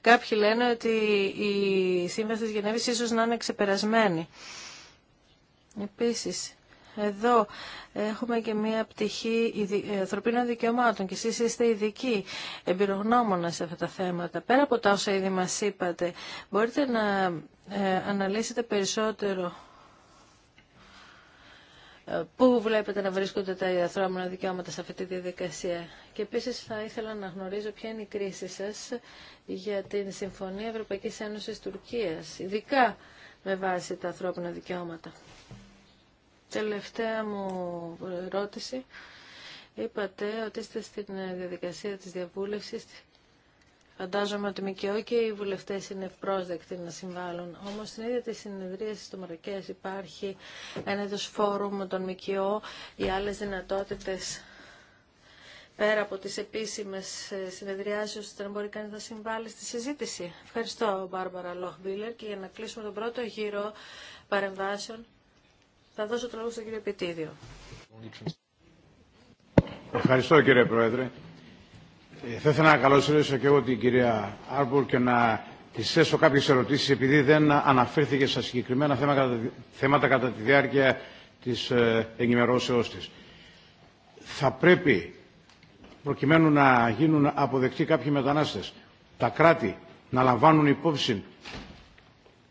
S4: κάποιοι λένε ότι η Σύμβαση της Γενέβης ίσως να είναι ξεπερασμένη. Επίσης, εδώ έχουμε και μια πτυχή ε, ανθρωπίνων δικαιωμάτων και εσείς είστε ειδικοί εμπειρογνώμονα σε αυτά τα θέματα. Πέρα από τα όσα ήδη μας είπατε, μπορείτε να ε, αναλύσετε περισσότερο ε, Πού βλέπετε να βρίσκονται τα ανθρώπινα δικαιώματα σε αυτή τη διαδικασία. Και επίση θα ήθελα να γνωρίζω ποια είναι η κρίση σα για την Συμφωνία Ευρωπαϊκή Ένωση Τουρκία, ειδικά με βάση τα ανθρώπινα δικαιώματα. Τελευταία μου ερώτηση. Είπατε ότι είστε στην διαδικασία της διαβούλευσης. Φαντάζομαι ότι ΜΚΟ και οι βουλευτές είναι ευπρόσδεκτοι να συμβάλλουν. Όμως στην ίδια τη συνεδρίαση στο Μαρακές υπάρχει ένα είδος φόρουμ των ΜΚΟ ή άλλες δυνατότητες πέρα από τις επίσημες συνεδριάσεις ώστε να μπορεί κανείς να συμβάλλει στη συζήτηση. Ευχαριστώ Μπάρμπαρα Λοχμπίλερ και για να κλείσουμε τον πρώτο γύρο παρεμβάσεων θα δώσω το λόγο στον κύριο Πετίδιο.
S2: Ευχαριστώ κύριε Πρόεδρε. Ε, θα ήθελα να καλωσορίσω και εγώ την κυρία Άρμπουρ και να τη θέσω κάποιε ερωτήσει, επειδή δεν αναφέρθηκε στα συγκεκριμένα θέματα κατά τη διάρκεια τη ε, ενημερώσεώ τη. Θα πρέπει, προκειμένου να γίνουν αποδεκτοί κάποιοι μετανάστες, τα κράτη να λαμβάνουν υπόψη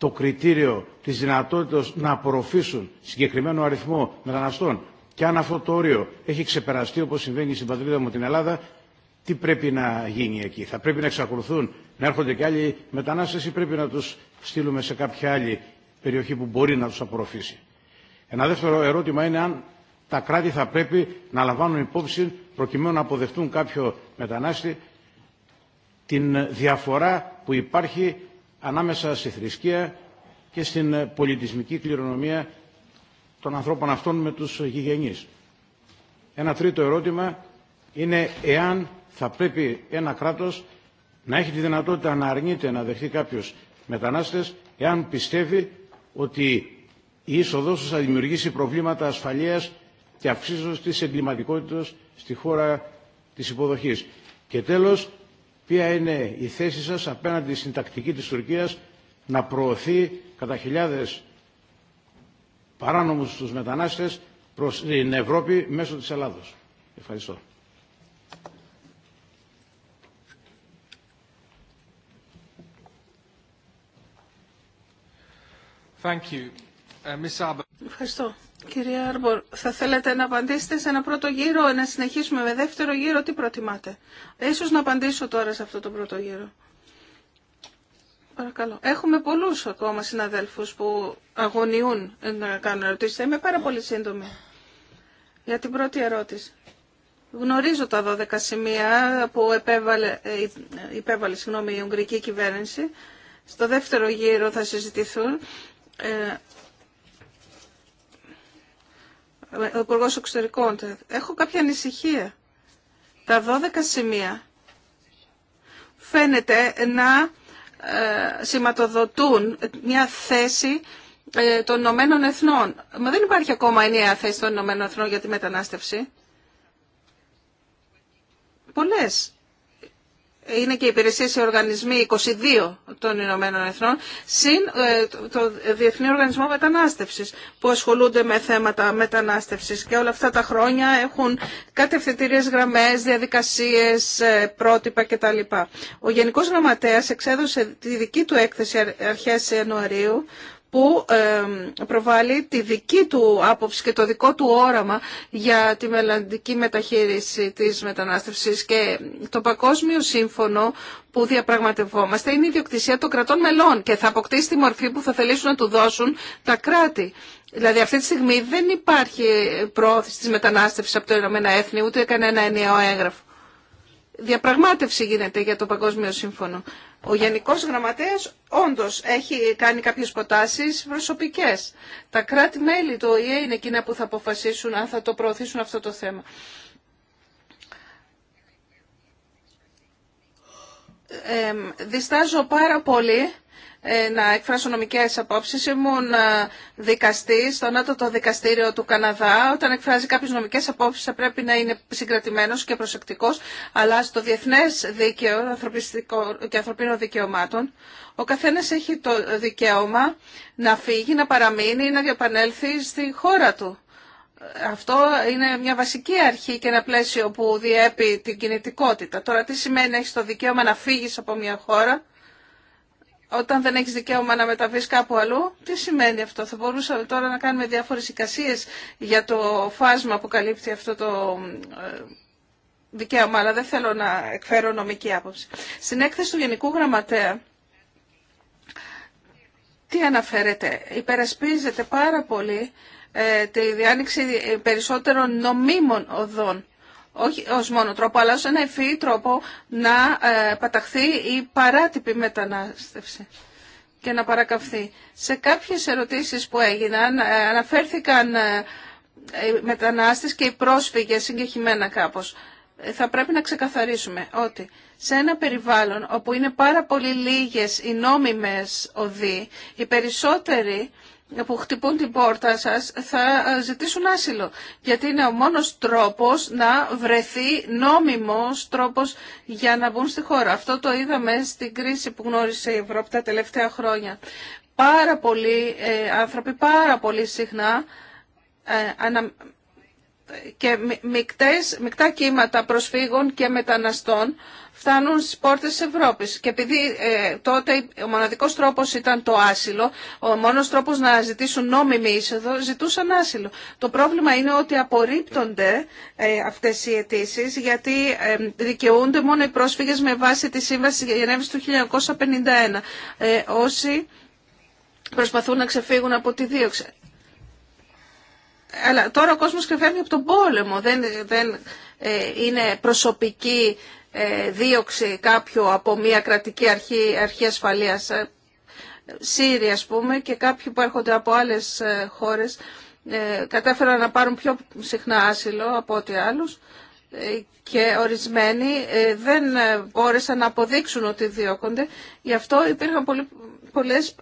S2: το κριτήριο της δυνατότητας να απορροφήσουν συγκεκριμένο αριθμό μεταναστών και αν αυτό το όριο έχει ξεπεραστεί όπως συμβαίνει στην πατρίδα μου την Ελλάδα, τι πρέπει να γίνει εκεί. Θα πρέπει να εξακολουθούν να έρχονται και άλλοι μετανάστες ή πρέπει να τους στείλουμε σε κάποια άλλη περιοχή που μπορεί να τους απορροφήσει. Ένα δεύτερο ερώτημα είναι αν τα κράτη θα πρέπει να λαμβάνουν υπόψη προκειμένου να αποδεχτούν κάποιο μετανάστη την διαφορά που υπάρχει ανάμεσα στη θρησκεία και στην ε, πολιτισμική κληρονομία των ανθρώπων αυτών με τους γηγενείς. Ένα τρίτο ερώτημα είναι εάν θα πρέπει ένα κράτος να έχει τη δυνατότητα να αρνείται να δεχθεί κάποιους μετανάστες εάν πιστεύει ότι η είσοδός θα δημιουργήσει προβλήματα ασφαλείας και αυξήσεως της εγκληματικότητας στη χώρα της υποδοχής. Και τέλος, ποια είναι η θέση σας απέναντι στην τακτική της Τουρκίας να προωθεί κατά χιλιάδες παράνομους τους μετανάστες προς την Ευρώπη μέσω της Ελλάδος. Ευχαριστώ.
S4: Thank ε,
S3: Ευχαριστώ. Κυρία Άρμπορ, θα θέλετε να απαντήσετε σε ένα πρώτο γύρο, να συνεχίσουμε με δεύτερο γύρο, τι προτιμάτε. Ίσως να απαντήσω τώρα σε αυτό το πρώτο γύρο. Παρακαλώ. Έχουμε πολλούς ακόμα συναδέλφους που αγωνιούν να κάνουν ερωτήσεις. είμαι πάρα πολύ σύντομη. Για την πρώτη ερώτηση. Γνωρίζω τα 12 σημεία που επέβαλε, ε, υπέβαλε συγγνώμη, η Ουγγρική κυβέρνηση. Στο δεύτερο γύρο θα συζητηθούν. Ε, ο Υπουργό Εξωτερικών. Έχω κάποια ανησυχία. Τα 12 σημεία φαίνεται να ε, σηματοδοτούν μια θέση ε, των Ηνωμένων Εθνών. Μα δεν υπάρχει ακόμα ενιαία θέση των Ηνωμένων Εθνών για τη μετανάστευση. Πολλές είναι και υπηρεσίε σε οργανισμοί 22 των Ηνωμένων Εθνών, συν ε, το Διεθνή Οργανισμό Μετανάστευσης, που ασχολούνται με θέματα μετανάστευσης και όλα αυτά τα χρόνια έχουν κατευθυντήριες γραμμές, διαδικασίες, ε, πρότυπα κτλ. Ο Γενικός Γραμματέας εξέδωσε τη δική του έκθεση αρχές Ιανουαρίου, που προβάλλει τη δική του άποψη και το δικό του όραμα για τη μελλοντική μεταχείριση της μετανάστευσης και το Παγκόσμιο Σύμφωνο που διαπραγματευόμαστε είναι η ιδιοκτησία των κρατών μελών και θα αποκτήσει τη μορφή που θα θελήσουν να του δώσουν τα κράτη. Δηλαδή αυτή τη στιγμή δεν υπάρχει προώθηση της μετανάστευσης από το Ηνωμένα Έθνη ούτε κανένα ενιαίο έγγραφο. Διαπραγμάτευση γίνεται για το Παγκόσμιο Σύμφωνο. Ο Γενικός Γραμματέας όντως έχει κάνει κάποιες προτάσεις προσωπικές. Τα κράτη-μέλη του ΟΗΕ είναι εκείνα που θα αποφασίσουν αν θα το προωθήσουν αυτό το θέμα. διστάζω πάρα πολύ ε, να εκφράσω νομικές απόψεις. Ήμουν ε, δικαστή στο Νότο Δικαστήριο του Καναδά. Όταν εκφράζει κάποιες νομικές απόψεις θα πρέπει να είναι συγκρατημένος και προσεκτικός, αλλά στο Διεθνές Δίκαιο και Ανθρωπίνων Δικαιωμάτων ο καθένας έχει το δικαίωμα να φύγει, να παραμείνει, ή να διαπανέλθει στη χώρα του. Αυτό είναι μια βασική αρχή και ένα πλαίσιο που διέπει την κινητικότητα. Τώρα τι σημαίνει έχεις το δικαίωμα να φύγεις από μια χώρα όταν δεν έχεις δικαίωμα να μεταβείς κάπου αλλού, τι σημαίνει αυτό. Θα μπορούσαμε τώρα να κάνουμε διάφορες εικασίες για το φάσμα που καλύπτει αυτό το ε, δικαίωμα, αλλά δεν θέλω να εκφέρω νομική άποψη. Στην έκθεση του Γενικού Γραμματέα, τι αναφέρεται, υπερασπίζεται πάρα πολύ ε, τη διάνοιξη περισσότερων νομίμων οδών όχι ως μόνο τρόπο, αλλά ως ένα ευφυή τρόπο να ε, παταχθεί η παράτυπη μετανάστευση και να παρακαυθεί. Σε κάποιες ερωτήσεις που έγιναν ε, αναφέρθηκαν ε, οι μετανάστες και οι πρόσφυγες συγκεκριμένα κάπως. Θα πρέπει να ξεκαθαρίσουμε ότι σε ένα περιβάλλον όπου είναι πάρα πολύ λίγες οι νόμιμες οδοί, οι περισσότεροι που χτυπούν την πόρτα σας θα ζητήσουν άσυλο. Γιατί είναι ο μόνος τρόπος να βρεθεί νόμιμος τρόπος για να μπουν στη χώρα. Αυτό το είδαμε στην κρίση που γνώρισε η Ευρώπη τα τελευταία χρόνια. Πάρα πολλοί ε, άνθρωποι, πάρα πολύ συχνά ε, και μικτές, μικτά κύματα προσφύγων και μεταναστών φτάνουν στις πόρτες της Ευρώπης. Και επειδή ε, τότε ο μοναδικός τρόπος ήταν το άσυλο, ο μόνος τρόπος να ζητήσουν νόμιμη είσοδο, ζητούσαν άσυλο. Το πρόβλημα είναι ότι απορρίπτονται ε, αυτές οι αιτήσει γιατί ε, δικαιούνται μόνο οι πρόσφυγες με βάση τη Σύμβαση Γενέβης του 1951. Ε, όσοι προσπαθούν να ξεφύγουν από τη δίωξη. Αλλά τώρα ο κόσμος ξεφεύγει από τον πόλεμο, δεν ε, είναι προσωπική ε, δίωξη κάποιο από μια κρατική αρχή, αρχή ασφαλείας ε, Σύρια ας πούμε και κάποιοι που έρχονται από άλλες ε, χώρες κατάφεραν να πάρουν πιο συχνά άσυλο από ό,τι άλλους και ορισμένοι δεν μπόρεσαν να αποδείξουν ότι διώκονται. Γι' αυτό υπήρχαν πολλές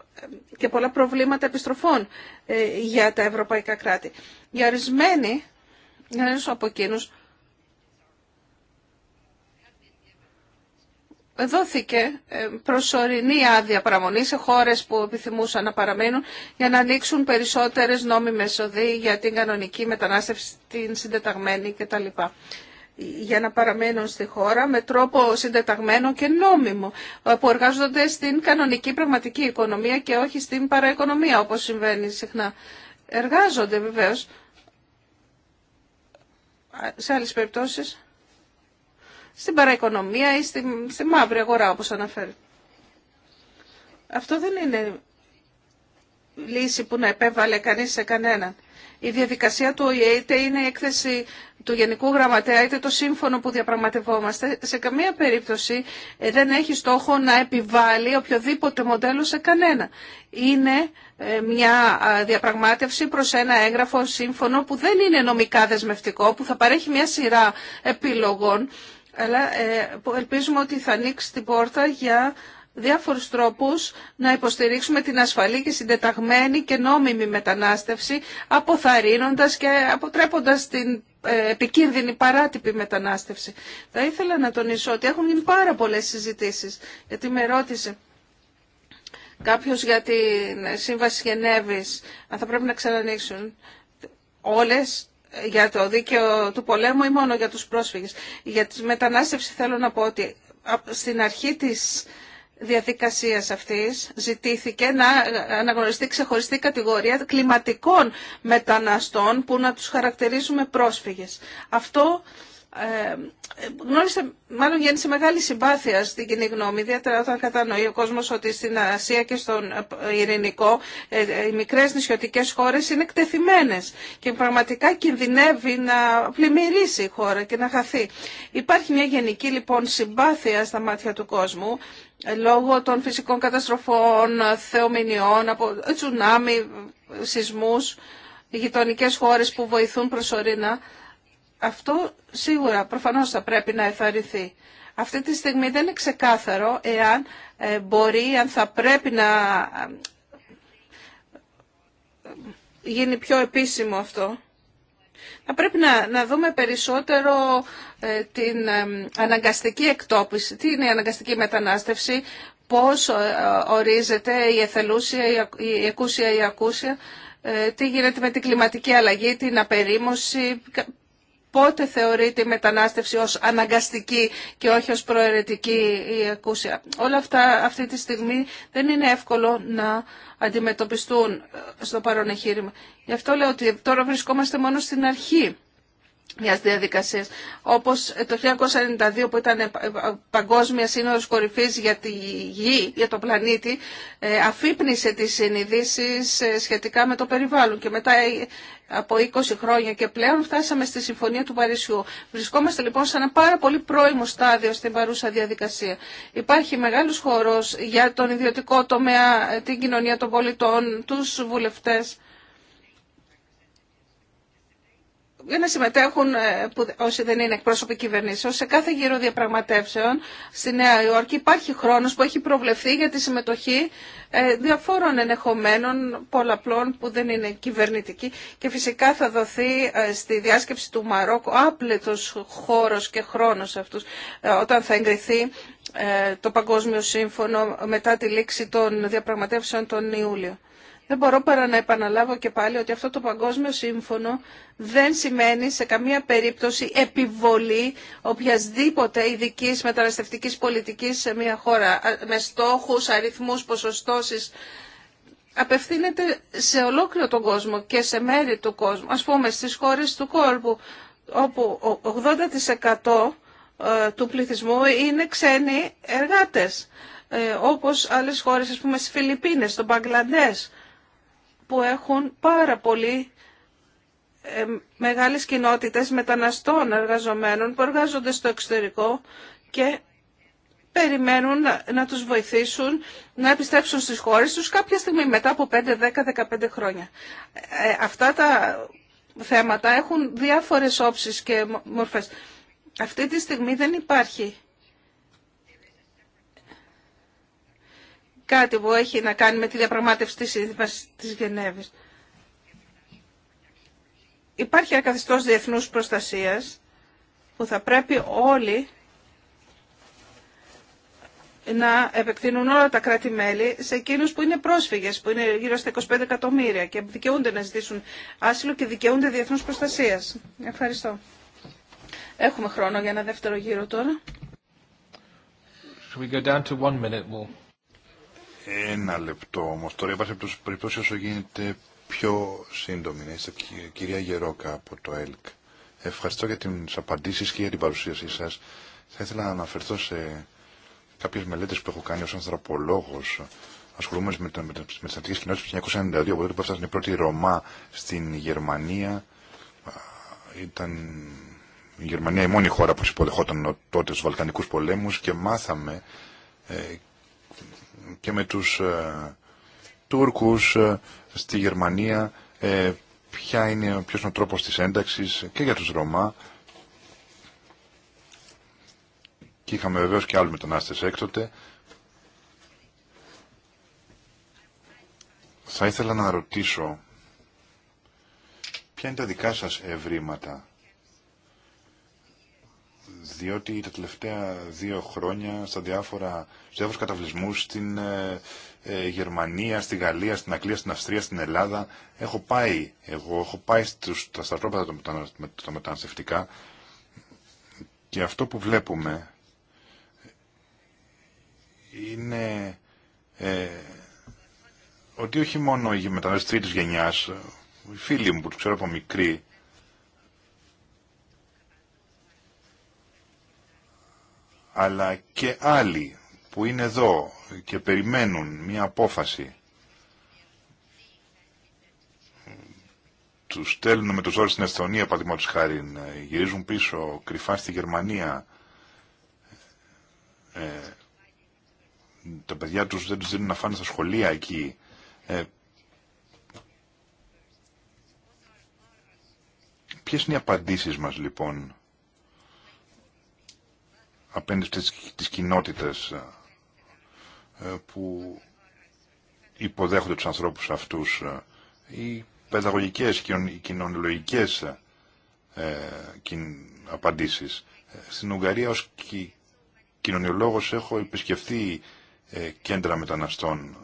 S3: και πολλά προβλήματα επιστροφών για τα ευρωπαϊκά κράτη. Για ορισμένοι, για από εκείνους, δόθηκε ε, προσωρινή άδεια παραμονή σε χώρες που επιθυμούσαν να παραμείνουν για να ανοίξουν περισσότερες νόμιμες οδοί για την κανονική μετανάστευση, την συντεταγμένη κτλ. Για να παραμένουν στη χώρα με τρόπο συντεταγμένο και νόμιμο, που εργάζονται στην κανονική πραγματική οικονομία και όχι στην παραοικονομία, όπω συμβαίνει συχνά. Εργάζονται βεβαίω. σε άλλε περιπτώσει, στην παραοικονομία ή στη, μαύρη αγορά όπως αναφέρει. Αυτό δεν είναι λύση που να επέβαλε κανείς σε κανέναν. Η διαδικασία του ΟΗΕ είτε είναι η έκθεση του Γενικού Γραμματέα είτε το σύμφωνο που διαπραγματευόμαστε σε καμία περίπτωση ε, δεν έχει στόχο να επιβάλλει οποιοδήποτε μοντέλο σε κανένα. Είναι ε, μια διαπραγμάτευση προς ένα έγγραφο σύμφωνο που δεν είναι νομικά δεσμευτικό, που θα παρέχει μια σειρά επιλογών αλλά ε, ελπίζουμε ότι θα ανοίξει την πόρτα για διάφορους τρόπους να υποστηρίξουμε την ασφαλή και συντεταγμένη και νόμιμη μετανάστευση, αποθαρρύνοντας και αποτρέποντας την ε, επικίνδυνη παράτυπη μετανάστευση. Θα ήθελα να τονίσω ότι έχουν γίνει πάρα πολλές συζητήσεις, γιατί με ρώτησε κάποιος για τη Σύμβαση Γενέβης, αν θα πρέπει να ξανανοίξουν όλες για το δίκαιο του πολέμου ή μόνο για τους πρόσφυγες. Για τη μετανάστευση θέλω να πω ότι στην αρχή της διαδικασίας αυτής ζητήθηκε να αναγνωριστεί ξεχωριστή κατηγορία κλιματικών μεταναστών που να τους χαρακτηρίζουμε πρόσφυγες. Αυτό ε, γνώρισε, μάλλον γέννησε μεγάλη συμπάθεια στην κοινή γνώμη, ιδιαίτερα όταν κατανοεί ο κόσμος ότι στην Ασία και στον ε, Ειρηνικό ε, ε, οι μικρές νησιωτικές χώρες είναι εκτεθειμένες και πραγματικά κινδυνεύει να πλημμυρίσει η χώρα και να χαθεί. Υπάρχει μια γενική λοιπόν συμπάθεια στα μάτια του κόσμου λόγω των φυσικών καταστροφών, θεομηνιών, από τσουνάμι, σεισμούς, γειτονικές χώρες που βοηθούν προσωρινά αυτό σίγουρα προφανώς θα πρέπει να εθαρρυνθεί. Αυτή τη στιγμή δεν είναι ξεκάθαρο εάν ε, μπορεί, αν θα πρέπει να ε, γίνει πιο επίσημο αυτό. Θα πρέπει να, να δούμε περισσότερο ε, την αναγκαστική εκτόπιση. Τι είναι η αναγκαστική μετανάστευση, πώς ορίζεται η εθελούσια, η, η εκούσια, η ακούσια, τι γίνεται με την κλιματική αλλαγή, την απερίμωση, πότε θεωρείται η μετανάστευση ως αναγκαστική και όχι ως προαιρετική ή ακούσια. Όλα αυτά αυτή τη στιγμή δεν είναι εύκολο να αντιμετωπιστούν στο παρόν εγχείρημα. Γι' αυτό λέω ότι τώρα βρισκόμαστε μόνο στην αρχή μια διαδικασία. Όπως το 1992 που ήταν παγκόσμια Σύνοδο κορυφής για τη γη, για τον πλανήτη, ε, αφύπνισε τις συνειδήσεις ε, σχετικά με το περιβάλλον και μετά ε, από 20 χρόνια και πλέον φτάσαμε στη Συμφωνία του Παρισιού. Βρισκόμαστε λοιπόν σε ένα πάρα πολύ πρώιμο στάδιο στην παρούσα διαδικασία. Υπάρχει μεγάλος χώρος για τον ιδιωτικό τομέα, την κοινωνία των πολιτών, τους βουλευτές. για να συμμετέχουν ε, όσοι δεν είναι εκπρόσωποι κυβερνήσεων. Σε κάθε γύρο διαπραγματεύσεων στη Νέα Υόρκη υπάρχει χρόνος που έχει προβλεφθεί για τη συμμετοχή ε, διαφόρων ενεχομένων πολλαπλών που δεν είναι κυβερνητικοί και φυσικά θα δοθεί ε, στη διάσκεψη του Μαρόκου άπλετος χώρος και χρόνος αυτούς όταν θα εγκριθεί το Παγκόσμιο Σύμφωνο μετά τη λήξη των διαπραγματεύσεων τον Ιούλιο. Δεν μπορώ παρά να επαναλάβω και πάλι ότι αυτό το παγκόσμιο σύμφωνο δεν σημαίνει σε καμία περίπτωση επιβολή οποιασδήποτε ειδική μεταναστευτική πολιτική σε μια χώρα με στόχου, αριθμού, ποσοστώσει. Απευθύνεται σε ολόκληρο τον κόσμο και σε μέρη του κόσμου, ας πούμε στις χώρες του κόρπου, όπου 80% ε, του πληθυσμού είναι ξένοι εργάτες, ε, όπως άλλες χώρες, ας πούμε, στις Φιλιππίνες, στο Μπαγκλαντές, που έχουν πάρα πολύ ε, μεγάλες κοινότητες μεταναστών εργαζομένων που εργάζονται στο εξωτερικό και περιμένουν να τους βοηθήσουν να επιστρέψουν στις χώρες τους κάποια στιγμή μετά από 5, 10, 15 χρόνια. Ε, αυτά τα θέματα έχουν διάφορες όψεις και μορφές. Αυτή τη στιγμή δεν υπάρχει κάτι που έχει να κάνει με τη διαπραγμάτευση της Σύμβασης της Γενέβης. Υπάρχει ένα καθεστώς διεθνούς προστασίας που θα πρέπει όλοι να επεκτείνουν όλα τα κράτη-μέλη σε εκείνου που είναι πρόσφυγες, που είναι γύρω στα 25 εκατομμύρια και δικαιούνται να ζητήσουν άσυλο και δικαιούνται διεθνούς προστασίας. Ευχαριστώ. Έχουμε χρόνο για ένα δεύτερο γύρο τώρα.
S4: We go down to one
S1: ένα λεπτό όμω, Τώρα υπάρχει περιπτώσει όσο γίνεται πιο σύντομη. Να είστε κυρία Γερόκα από το ΕΛΚ. Ευχαριστώ για τι απαντήσει και για την παρουσίασή σα. Θα ήθελα να αναφερθώ σε κάποιε μελέτε που έχω κάνει ω ανθρωπολόγο. Ασχολούμαι με, με, με τις κοινότητες του 1992, από τότε που έφτασαν οι πρώτοι Ρωμά στην Γερμανία. Ήταν η Γερμανία η μόνη χώρα που υποδεχόταν τότε τους βαλκανικού πολέμου και μάθαμε ε, και με τους ε, Τούρκους ε, στη Γερμανία, ε, ποια είναι, ποιος είναι ο τρόπος της ένταξης και για τους Ρωμά. Και είχαμε βεβαίως και άλλους μετανάστες έκτοτε. Θα ήθελα να ρωτήσω ποια είναι τα δικά σας ευρήματα διότι τα τελευταία δύο χρόνια στα διάφορα, στους καταβλισμούς στην ε, ε, Γερμανία, στη Γαλλία, στην Αγγλία, στην Αυστρία, στην Ελλάδα έχω πάει εγώ, έχω πάει στους, στα στρατόπεδα τα, τα μεταναστευτικά και αυτό που βλέπουμε είναι ε, ότι όχι μόνο οι μετανάστες τρίτης γενιάς, οι φίλοι μου που τους ξέρω από μικροί, αλλά και άλλοι που είναι εδώ και περιμένουν μια απόφαση τους στέλνουν με τους όρους στην Εσθονία παραδείγματος χάρη γυρίζουν πίσω κρυφά στη Γερμανία ε, τα παιδιά τους δεν τους δίνουν να φάνε στα σχολεία εκεί ε, ποιες είναι οι απαντήσεις μας λοιπόν απέναντι στις, κοινότητες ε, ε, που υποδέχονται τους ανθρώπους αυτούς. Ε, οι παιδαγωγικές, οι κοινωνιολογικές ε, απαντήσεις. Στην Ουγγαρία ως κι, κοινωνιολόγος έχω επισκεφθεί κέντρα μεταναστών.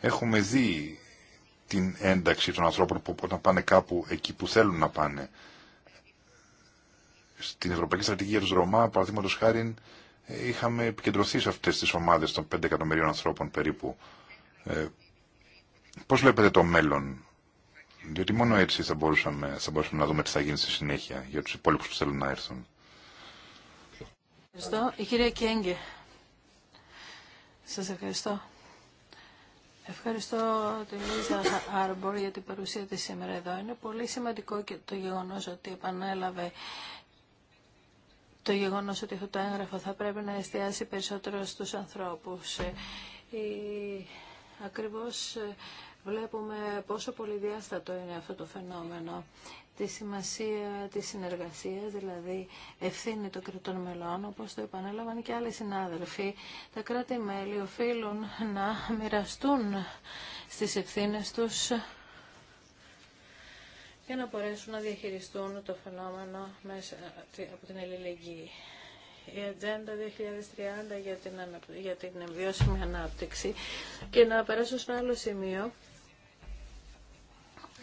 S1: Έχουμε δει την ένταξη των ανθρώπων που όταν πάνε κάπου εκεί που θέλουν να πάνε στην Ευρωπαϊκή Στρατηγική για του Ρωμά, παραδείγματο χάρη, είχαμε επικεντρωθεί σε αυτέ τι ομάδε των 5 εκατομμυρίων ανθρώπων περίπου. Ε, Πώ βλέπετε το μέλλον, Διότι μόνο έτσι θα μπορούσαμε, θα μπορούσαμε να δούμε τι θα γίνει στη συνέχεια για του υπόλοιπου που θέλουν να έρθουν.
S4: Ευχαριστώ. Η κυρία Σα ευχαριστώ. Ευχαριστώ την Λίζα Άρμπορ για την παρουσία της σήμερα εδώ. Είναι πολύ σημαντικό και το γεγονός ότι επανέλαβε το γεγονός ότι αυτό το έγγραφο θα πρέπει να εστιάσει περισσότερο στους ανθρώπους. Ε, ακριβώς ε, βλέπουμε πόσο πολυδιάστατο είναι αυτό το φαινόμενο τη σημασία της συνεργασίας, δηλαδή ευθύνη των κρατών μελών, όπως το επανέλαβαν και άλλοι συνάδελφοι. Τα κράτη-μέλη οφείλουν να μοιραστούν στις ευθύνες τους για να μπορέσουν να διαχειριστούν το φαινόμενο μέσα από την ελληνική. Η Ατζέντα 2030 για την, για την βιώσιμη ανάπτυξη και να περάσω σε άλλο σημείο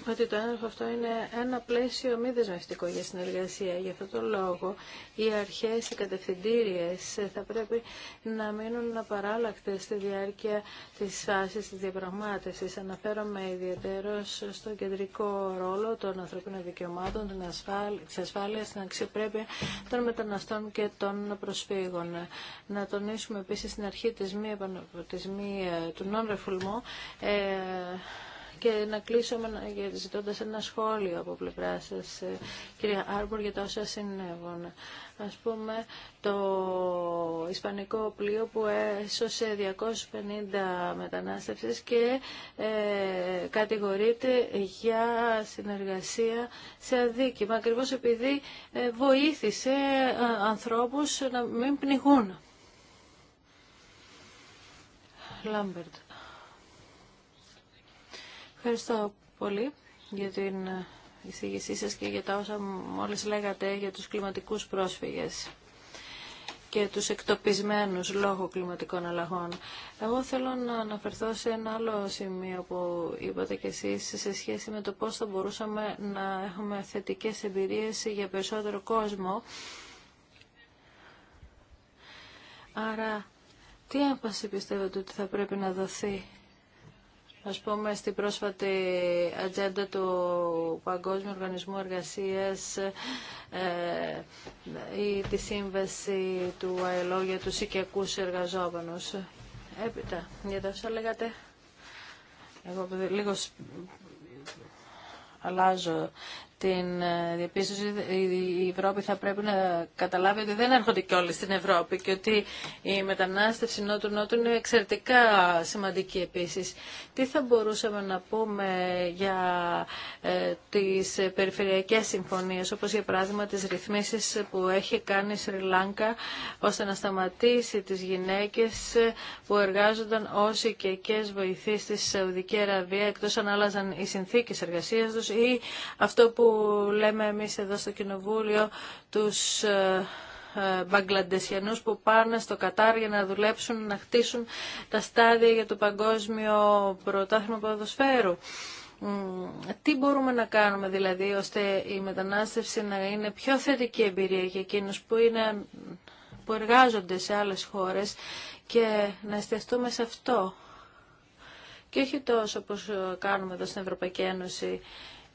S4: ότι το έγγραφο αυτό είναι ένα πλαίσιο μη δεσμευτικό για συνεργασία. Γι' αυτό τον λόγο οι αρχές, οι κατευθυντήριες ε, θα πρέπει να μείνουν απαράλλακτες στη διάρκεια της φάσης της διαπραγμάτευσης. Αναφέρομαι ιδιαίτερως στο κεντρικό ρόλο των ανθρωπίνων δικαιωμάτων, την ασφάλεια, της ασφάλειας, την αξιοπρέπεια των μεταναστών και των προσφύγων. Να τονίσουμε επίσης στην αρχή της μη, της μη ε, του non-refoulement ε, και να κλείσω ζητώντας ένα σχόλιο από πλευρά σας, ε, κυρία Άρμπορ, για τα όσα συνέβουν. Ας πούμε, το ισπανικό πλοίο που έσωσε 250 μετανάστευσες και ε, κατηγορείται για συνεργασία σε αδίκημα, ακριβώς επειδή ε, βοήθησε ανθρώπους να μην πνιγούν. Λάμπερτ. Ευχαριστώ πολύ για την εισήγησή σας και για τα όσα μόλις λέγατε για τους κλιματικούς πρόσφυγες και τους εκτοπισμένους λόγω κλιματικών αλλαγών. Εγώ θέλω να αναφερθώ σε ένα άλλο σημείο που είπατε κι εσείς σε σχέση με το πώς θα μπορούσαμε να έχουμε θετικές εμπειρίες για περισσότερο κόσμο. Άρα, τι έμφαση πιστεύετε ότι θα πρέπει να δοθεί Ας πούμε, στην πρόσφατη ατζέντα του Παγκόσμιου Οργανισμού Εργασίας ή ε, τη σύμβαση του ΑΕΛΟ για τους οικιακούς εργαζόμενους. Έπειτα, για τα όσα λέγατε, εγώ λίγο αλλάζω την ε, διαπίστωση η Ευρώπη θα πρέπει να καταλάβει ότι δεν έρχονται και όλοι στην Ευρώπη και ότι η μετανάστευση νότου-νότου είναι εξαιρετικά σημαντική επίσης. Τι θα μπορούσαμε να πούμε για ε, τις περιφερειακές συμφωνίες όπως για παράδειγμα τις ρυθμίσεις που έχει κάνει η Σρι Λάγκα ώστε να σταματήσει τις γυναίκες που εργάζονταν ως οικιακές βοηθείς στη Σαουδική Αραβία εκτός αν άλλαζαν οι συνθήκες εργασίας τους ή αυτό που λέμε εμείς εδώ στο Κοινοβούλιο τους ε, ε, Μπαγκλαντεσιανούς που πάνε στο Κατάρ για να δουλέψουν, να χτίσουν τα στάδια για το παγκόσμιο πρωτάθλημα ποδοσφαίρου. Τι μπορούμε να κάνουμε δηλαδή ώστε η μετανάστευση να είναι πιο θετική εμπειρία για εκείνους που, είναι, που εργάζονται σε άλλες χώρες και να εστιαστούμε σε αυτό. Και όχι τόσο όπως κάνουμε εδώ στην Ευρωπαϊκή Ένωση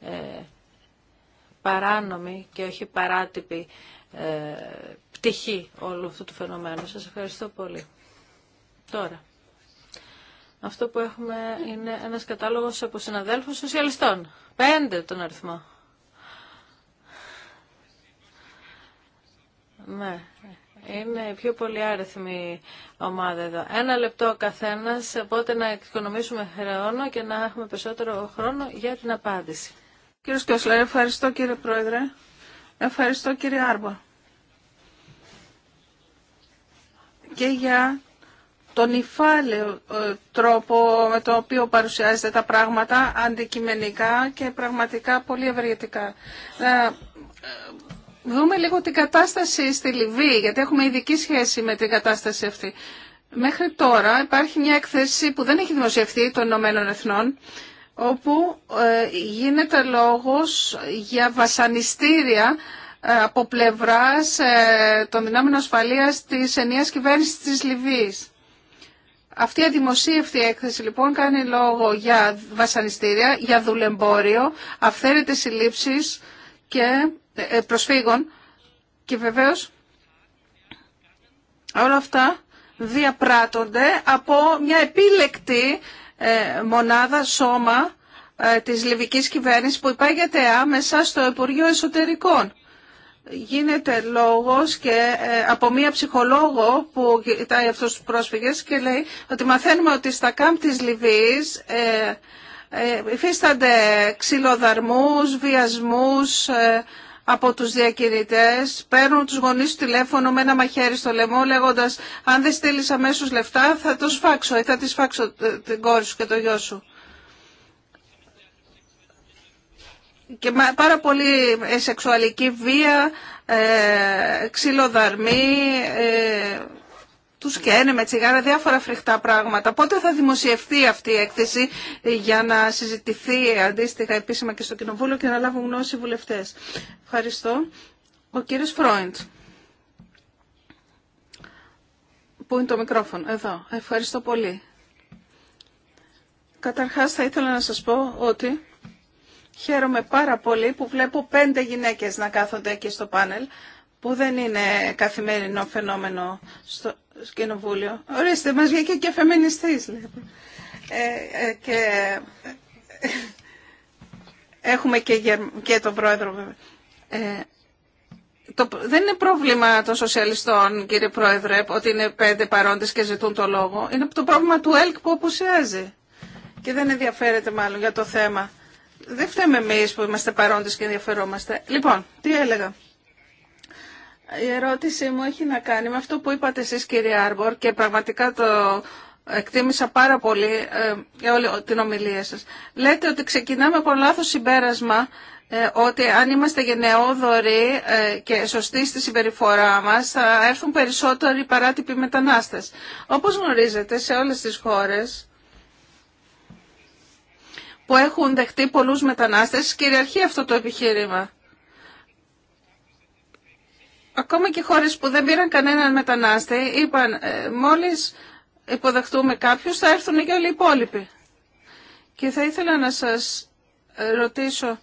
S4: ε, παράνομη και όχι παράτυπη ε, πτυχή όλου αυτού του φαινομένου. Σας ευχαριστώ πολύ. Τώρα, αυτό που έχουμε είναι ένας κατάλογος από συναδέλφους σοσιαλιστών. Πέντε τον αριθμό. Ναι, είναι η πιο πολύ ομάδα εδώ. Ένα λεπτό ο καθένας, οπότε να οικονομήσουμε χρόνο
S3: και να έχουμε περισσότερο χρόνο για την απάντηση. Κύριος Κιώσλερ, ευχαριστώ κύριε Πρόεδρε. Ευχαριστώ κύριε Άρμπα. Και για τον υφάλαιο ε, τρόπο με τον οποίο παρουσιάζεται τα πράγματα αντικειμενικά και πραγματικά πολύ ευεργετικά. Να ε, δούμε λίγο την κατάσταση στη Λιβύη, γιατί έχουμε ειδική σχέση με την κατάσταση αυτή. Μέχρι τώρα υπάρχει μια εκθέση που δεν έχει δημοσιευτεί των Ηνωμένων Εθνών όπου ε, γίνεται λόγος για βασανιστήρια ε, από πλευράς ε, των δυνάμεων ασφαλείας της ενίας κυβέρνησης της Λιβύης. Αυτή η αδημοσίευτη έκθεση λοιπόν κάνει λόγο για βασανιστήρια, για δουλεμπόριο, αυθαίρετες συλλήψεις και προσφύγων και βεβαίως όλα αυτά διαπράττονται από μια επίλεκτη ε, μονάδα σώμα ε, της Λιβικής κυβέρνησης που υπάγεται άμεσα στο Υπουργείο Εσωτερικών. Γίνεται λόγος και ε, από μία ψυχολόγο που κοιτάει αυτούς τους πρόσφυγες και λέει ότι μαθαίνουμε ότι στα κάμπ της Λιβύης υφίστανται ξυλοδαρμούς, βιασμούς, από τους διακηρυτές, παίρνουν τους γονείς του τηλέφωνο με ένα μαχαίρι στο λαιμό λέγοντας αν δεν στείλει αμέσως λεφτά θα το σφάξω ή θα τη σφάξω ε, την κόρη σου και το γιο σου. Και πάρα πολύ ε, σεξουαλική βία, ε, ξυλοδαρμή, ε, και καίνε με τσιγάρα διάφορα φρικτά πράγματα. Πότε θα δημοσιευτεί αυτή η έκθεση για να συζητηθεί αντίστοιχα επίσημα και στο Κοινοβούλιο και να λάβουν γνώση οι βουλευτές. Ευχαριστώ. Ο κύριος Φρόιντ. Πού είναι το μικρόφωνο. Εδώ. Ευχαριστώ πολύ. Καταρχάς θα ήθελα να σας πω ότι χαίρομαι πάρα πολύ που βλέπω πέντε γυναίκες να κάθονται εκεί στο πάνελ που δεν είναι καθημερινό φαινόμενο στο κοινοβούλιο. Ορίστε, μας βγήκε και φεμινιστής. Ε, ε, και... Ε, έχουμε και, τον πρόεδρο βέβαια. Ε, δεν είναι πρόβλημα των σοσιαλιστών, κύριε Πρόεδρε, ότι είναι πέντε παρόντες και ζητούν το λόγο. Είναι το πρόβλημα του ΕΛΚ που απουσιάζει και δεν ενδιαφέρεται μάλλον για το θέμα. Δεν φταίμε εμεί που είμαστε παρόντες και ενδιαφερόμαστε. Λοιπόν, τι έλεγα. Η ερώτησή μου έχει να κάνει με αυτό που είπατε εσείς κύριε Άρμπορ και πραγματικά το εκτίμησα πάρα πολύ ε, όλη την ομιλία σας. Λέτε ότι ξεκινάμε από λάθος συμπέρασμα ε, ότι αν είμαστε γενναιόδοροι ε, και σωστοί στη συμπεριφορά μας θα έρθουν περισσότεροι παράτυποι μετανάστες. Όπως γνωρίζετε σε όλες τις χώρες που έχουν δεχτεί πολλούς μετανάστες κυριαρχεί αυτό το επιχείρημα. Ακόμα και χώρες που δεν πήραν κανέναν μετανάστη είπαν «Ε, μόλις υποδεχτούμε κάποιους θα έρθουν και όλοι οι υπόλοιποι. Και θα ήθελα να σας ρωτήσω,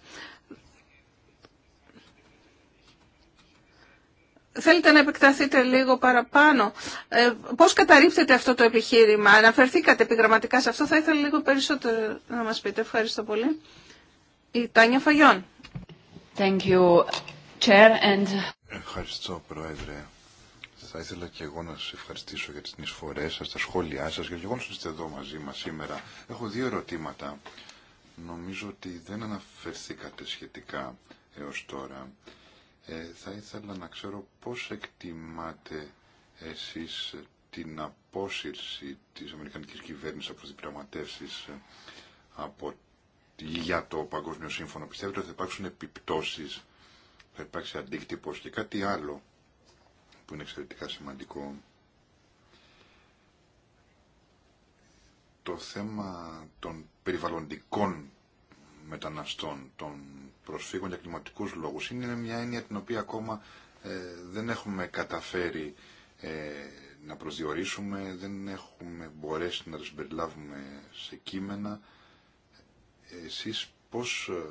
S3: Θέλετε να επεκταθείτε λίγο παραπάνω. Ε, πώς καταρρύπτεται αυτό το επιχείρημα. Αναφερθήκατε επιγραμματικά σε αυτό. Θα ήθελα λίγο περισσότερο να μας πείτε. Ευχαριστώ πολύ. Η Τάνια Φαγιόν. Thank you. Chair and... Uh,
S1: Ευχαριστώ, Πρόεδρε. Θα ήθελα και εγώ να σα ευχαριστήσω για τις εισφορέ σα, τα σχόλιά σα για το να ότι είστε εδώ μαζί μα σήμερα. Έχω δύο ερωτήματα. Νομίζω ότι δεν αναφερθήκατε σχετικά έως τώρα. Ε, θα ήθελα να ξέρω πώς εκτιμάτε εσείς την απόσυρση της Αμερικανικής κυβέρνησης από τις διπραγματεύσεις ε, για το Παγκόσμιο Σύμφωνο. Πιστεύετε ότι θα υπάρξουν επιπτώσεις θα υπάρξει αντίκτυπος και κάτι άλλο που είναι εξαιρετικά σημαντικό. Το θέμα των περιβαλλοντικών μεταναστών, των προσφύγων για κλιματικούς λόγους, είναι μια έννοια την οποία ακόμα ε, δεν έχουμε καταφέρει ε, να προσδιορίσουμε, δεν έχουμε μπορέσει να τους περιλάβουμε σε κείμενα. Εσείς πώς ε,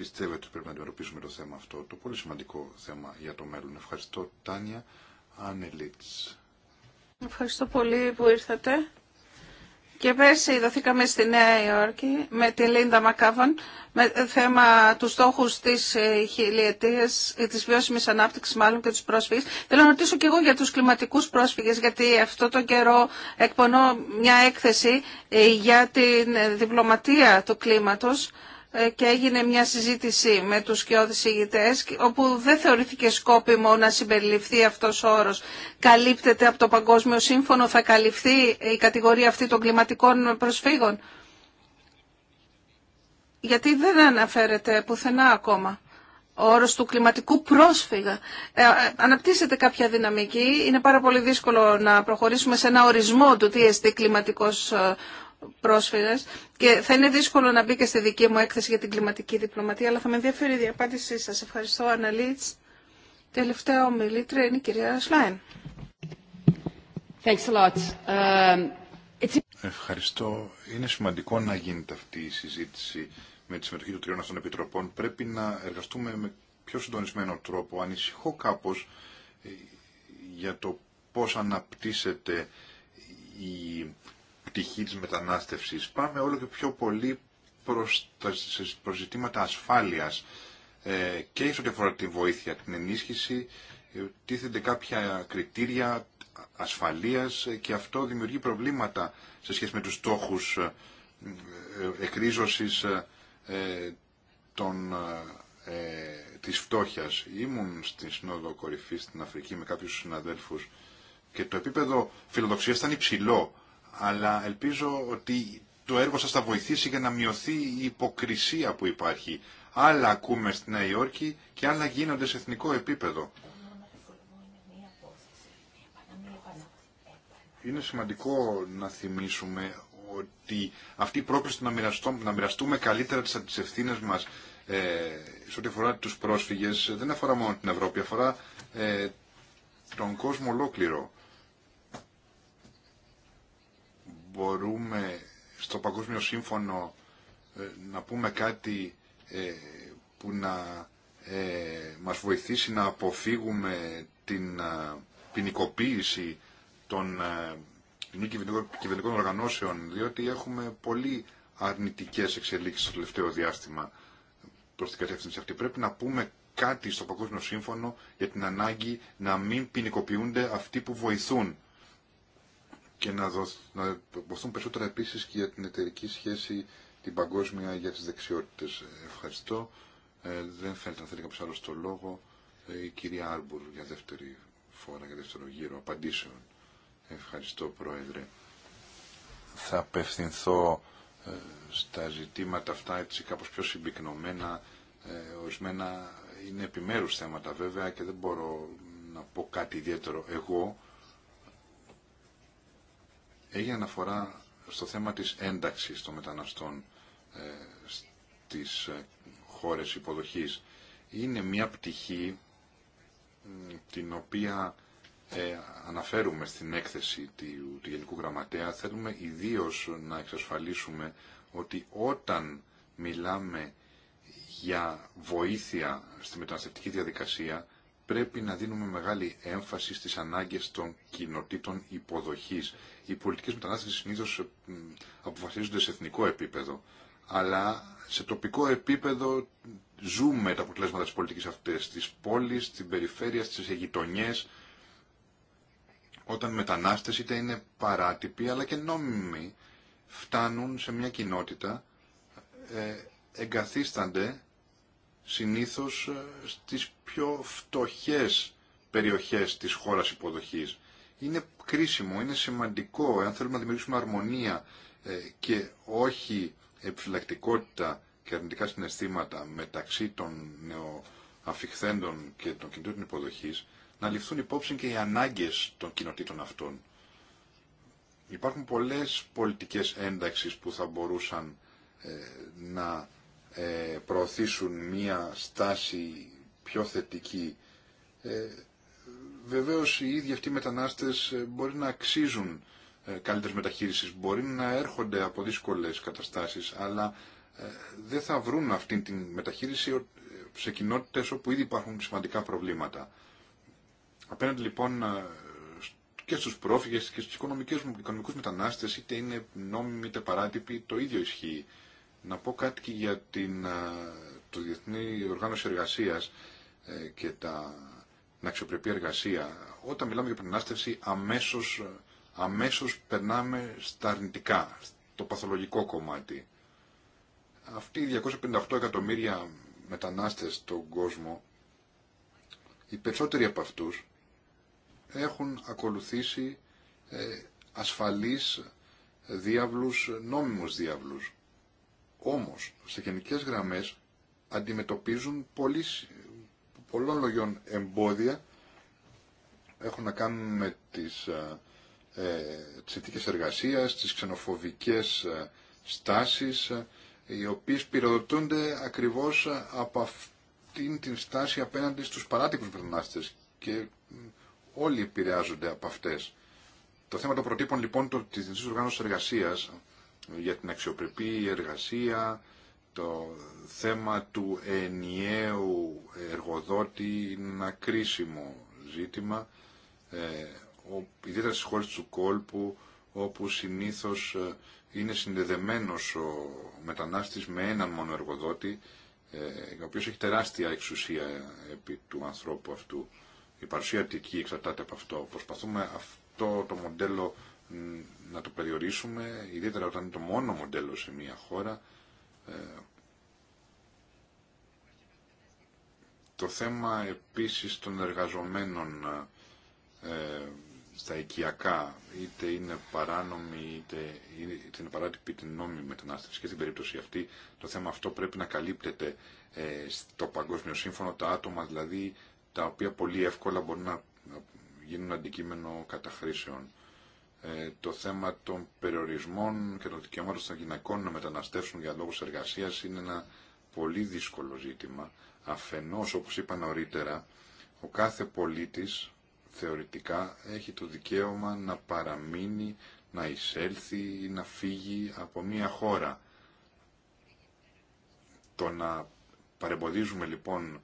S1: πιστεύετε ότι πρέπει να αντιμετωπίσουμε το θέμα αυτό, το πολύ σημαντικό θέμα για το μέλλον. Ευχαριστώ, Τάνια Ανελίτς.
S3: Ευχαριστώ πολύ που ήρθατε. Και πέρσι δοθήκαμε στη Νέα Υόρκη με τη Λίντα Μακάβαν με θέμα του στόχου τη ε, χιλιετία, ε, τη βιώσιμη ανάπτυξη μάλλον και του πρόσφυγε. Θέλω να ρωτήσω και εγώ για του κλιματικού πρόσφυγε, γιατί αυτό τον καιρό εκπονώ μια έκθεση ε, για την διπλωματία του κλίματο ε, και έγινε μια συζήτηση με τους σκιώδεις ηγητές όπου δεν θεωρήθηκε σκόπιμο να συμπεριληφθεί αυτός ο όρος. Καλύπτεται από το Παγκόσμιο Σύμφωνο, θα καλυφθεί η κατηγορία αυτή των κλιματικών προσφύγων. Γιατί δεν αναφέρεται πουθενά ακόμα ο όρος του κλιματικού πρόσφυγα. Ε, ε αναπτύσσεται κάποια δυναμική. Είναι πάρα πολύ δύσκολο να προχωρήσουμε σε ένα ορισμό του τι εστί κλιματικός ε, πρόσφυγες και θα είναι δύσκολο να μπει και στη δική μου έκθεση για την κλιματική διπλωματία, αλλά θα με ενδιαφέρει η διαπάντησή σας. Ευχαριστώ, Αναλίτς. Τελευταία ομιλήτρια είναι η κυρία Σλάιν. Um,
S1: Ευχαριστώ. Είναι σημαντικό να γίνεται αυτή η συζήτηση με τη συμμετοχή των τριών αυτών επιτροπών. Πρέπει να εργαστούμε με πιο συντονισμένο τρόπο. Ανησυχώ κάπως ε, για το πώς αναπτύσσεται η πτυχή της μετανάστευσης. Πάμε όλο και πιο πολύ προς, τα, ζητήματα ασφάλειας ε, και ίσως ό,τι αφορά τη βοήθεια, την ενίσχυση, ε, τίθενται κάποια κριτήρια ασφαλείας ε, και αυτό δημιουργεί προβλήματα σε σχέση με τους στόχους ε, εκρίζωσης ε, των, ε, της φτώχειας. Ήμουν στη Συνόδο Κορυφή στην Αφρική με κάποιους συναδέλφους και το επίπεδο φιλοδοξίας ήταν υψηλό αλλά ελπίζω ότι το έργο σας θα βοηθήσει για να μειωθεί η υποκρισία που υπάρχει. Άλλα ακούμε στη Νέα Υόρκη και άλλα γίνονται σε εθνικό επίπεδο. Είναι σημαντικό να θυμίσουμε ότι αυτή η πρόκληση να, μοιραστούμε, να μοιραστούμε καλύτερα τις ευθύνε μας ε, σε ό,τι αφορά τους πρόσφυγες δεν αφορά μόνο την Ευρώπη, αφορά ε, τον κόσμο ολόκληρο. μπορούμε στο Παγκόσμιο Σύμφωνο ε, να πούμε κάτι ε, που να ε, μας βοηθήσει να αποφύγουμε την ποινικοποίηση των κυβερνικών οργανώσεων, διότι έχουμε πολύ αρνητικές εξελίξεις στο τελευταίο διάστημα προς την κατεύθυνση αυτή. Πρέπει να πούμε κάτι στο Παγκόσμιο Σύμφωνο για την ανάγκη να μην ποινικοποιούνται αυτοί που βοηθούν και να, δοθ, να δοθούν περισσότερα επίση και για την εταιρική σχέση την παγκόσμια για τι δεξιότητε. Ε, ευχαριστώ. Ε, δεν φαίνεται να θέλει κάποιο άλλος το λόγο. Ε, η κυρία Άρμπουρ για δεύτερη φορά, για δεύτερο γύρο απαντήσεων. Ευχαριστώ Πρόεδρε. Θα απευθυνθώ στα ζητήματα αυτά έτσι κάπως πιο συμπυκνωμένα. ορισμένα είναι επιμέρους θέματα βέβαια και δεν μπορώ να πω κάτι ιδιαίτερο εγώ έγινε αναφορά στο θέμα της ένταξης των μεταναστών ε, στις ε, χώρες υποδοχής. Είναι μια πτυχή την οποία ε, αναφέρουμε στην έκθεση του, του Γενικού Γραμματέα. Θέλουμε ιδίως να εξασφαλίσουμε ότι όταν μιλάμε για βοήθεια στη μεταναστευτική διαδικασία πρέπει να δίνουμε μεγάλη έμφαση στις ανάγκες των κοινοτήτων υποδοχής. Οι πολιτικές μετανάστες συνήθως ε, αποφασίζονται σε εθνικό επίπεδο, αλλά σε τοπικό επίπεδο ζούμε τα αποτελέσματα της πολιτικής αυτής, της πόλης, στην περιφέρεια, της γειτονιές, όταν μετανάστες είτε είναι παράτυποι αλλά και νόμιμοι φτάνουν σε μια κοινότητα, ε, εγκαθίστανται συνήθως ε, στις πιο φτωχές περιοχές της χώρας υποδοχής. Είναι κρίσιμο, είναι σημαντικό, εάν θέλουμε να δημιουργήσουμε αρμονία ε, και όχι επιφυλακτικότητα και αρνητικά συναισθήματα μεταξύ των νεοαφιχθέντων και των κινητών υποδοχής, να ληφθούν υπόψη και οι ανάγκες των κοινοτήτων αυτών. Υπάρχουν πολλές πολιτικές ένταξεις που θα μπορούσαν ε, να ε, προωθήσουν μία στάση πιο θετική. Ε, βεβαίως οι ίδιοι αυτοί οι μετανάστες ε, μπορεί να αξίζουν καλύτερες μεταχείρισης, μπορεί να έρχονται από δύσκολες καταστάσεις, αλλά δεν θα βρουν αυτή τη μεταχείριση σε κοινότητες όπου ήδη υπάρχουν σημαντικά προβλήματα. Απέναντι λοιπόν και στους πρόφυγες και στους οικονομικούς μετανάστες, είτε είναι νόμιμοι είτε παράτυποι, το ίδιο ισχύει. Να πω κάτι και για την, το Διεθνή Οργάνωση Εργασίας ε, και τα, την αξιοπρεπή εργασία. Όταν μιλάμε για πενάστευση αμέσως, ε, αμέσως περνάμε στα αρνητικά, στο παθολογικό κομμάτι. Αυτοί οι 258 εκατομμύρια μετανάστες στον κόσμο, οι περισσότεροι από αυτούς έχουν ακολουθήσει ε, ασφαλείς διάβλους, νόμιμους διάβλους. Όμως, σε γενικές γραμμές αντιμετωπίζουν πολλών λογιών εμπόδια έχουν να κάνουν με τις, ε, ε τις εργασίες, τις ξενοφοβικές ε, στάσεις, ε, οι οποίες πυροδοτούνται ακριβώς από αυτήν την στάση απέναντι στους παράτυπους μετανάστες και όλοι επηρεάζονται από αυτές. Το θέμα των προτύπων λοιπόν της Διεθνής Οργάνωσης Εργασίας για την αξιοπρεπή εργασία, το θέμα του ενιαίου εργοδότη είναι ένα κρίσιμο ζήτημα, ε, ιδιαίτερα στις χώρες του κόλπου, όπου συνήθως ε, είναι συνδεδεμένος ο μετανάστης με έναν μόνο εργοδότη, ε, ο οποίος έχει τεράστια εξουσία επί του ανθρώπου αυτού. Η παρουσία εκεί εξαρτάται από αυτό. Προσπαθούμε αυτό το μοντέλο να το περιορίσουμε, ιδιαίτερα όταν είναι το μόνο μοντέλο σε μια χώρα. Ε, το θέμα επίσης των εργαζομένων ε, στα οικιακά, είτε είναι παράνομη, είτε, είτε είναι παράτυπη την νόμιμη μετανάστευση και στην περίπτωση αυτή, το θέμα αυτό πρέπει να καλύπτεται ε, στο Παγκόσμιο Σύμφωνο, τα άτομα δηλαδή τα οποία πολύ εύκολα μπορούν να γίνουν αντικείμενο καταχρήσεων. Ε, το θέμα των περιορισμών και των δικαιωμάτων των γυναικών να μεταναστεύσουν για λόγους εργασίας είναι ένα πολύ δύσκολο ζήτημα. Αφενός, όπως είπα νωρίτερα, ο κάθε πολίτης θεωρητικά έχει το δικαίωμα να παραμείνει, να εισέλθει ή να φύγει από μία χώρα. Το να παρεμποδίζουμε λοιπόν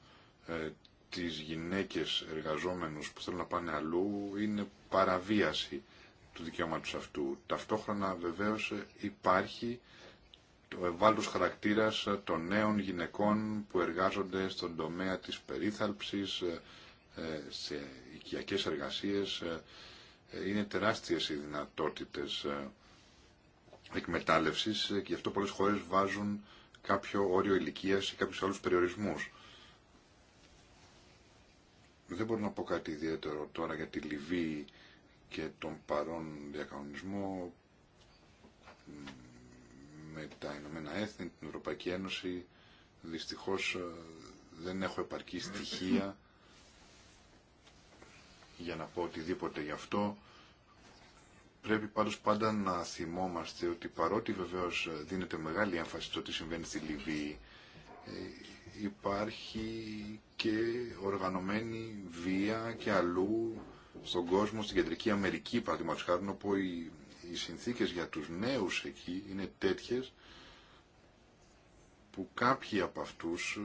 S1: ε, τις γυναίκες εργαζόμενους που θέλουν να πάνε αλλού είναι παραβίαση του δικαιώματος αυτού. Ταυτόχρονα βεβαίως υπάρχει το ευάλωτος χαρακτήρας των νέων γυναικών που εργάζονται στον τομέα της περίθαλψης, ε, σε οικιακές εργασίες. Ε, είναι τεράστιες οι δυνατότητες ε, εκμετάλλευσης και γι' αυτό πολλές χώρες βάζουν κάποιο όριο ηλικίας ή κάποιους άλλους περιορισμούς. Δεν μπορώ να πω κάτι ιδιαίτερο τώρα για τη Λιβύη και τον παρόν διακανονισμό με τα Ηνωμένα Έθνη, την Ευρωπαϊκή Ένωση. Δυστυχώς ε, δεν έχω επαρκή στοιχεία για να πω οτιδήποτε γι' αυτό. Πρέπει πάντως πάντα να θυμόμαστε ότι παρότι βεβαίως δίνεται μεγάλη έμφαση στο τι συμβαίνει στη Λιβύη, ε, υπάρχει και οργανωμένη βία και αλλού στον κόσμο, στην Κεντρική Αμερική, παραδείγματος χάρη, όπου οι, οι συνθήκες για τους νέους εκεί είναι τέτοιες που κάποιοι από αυτούς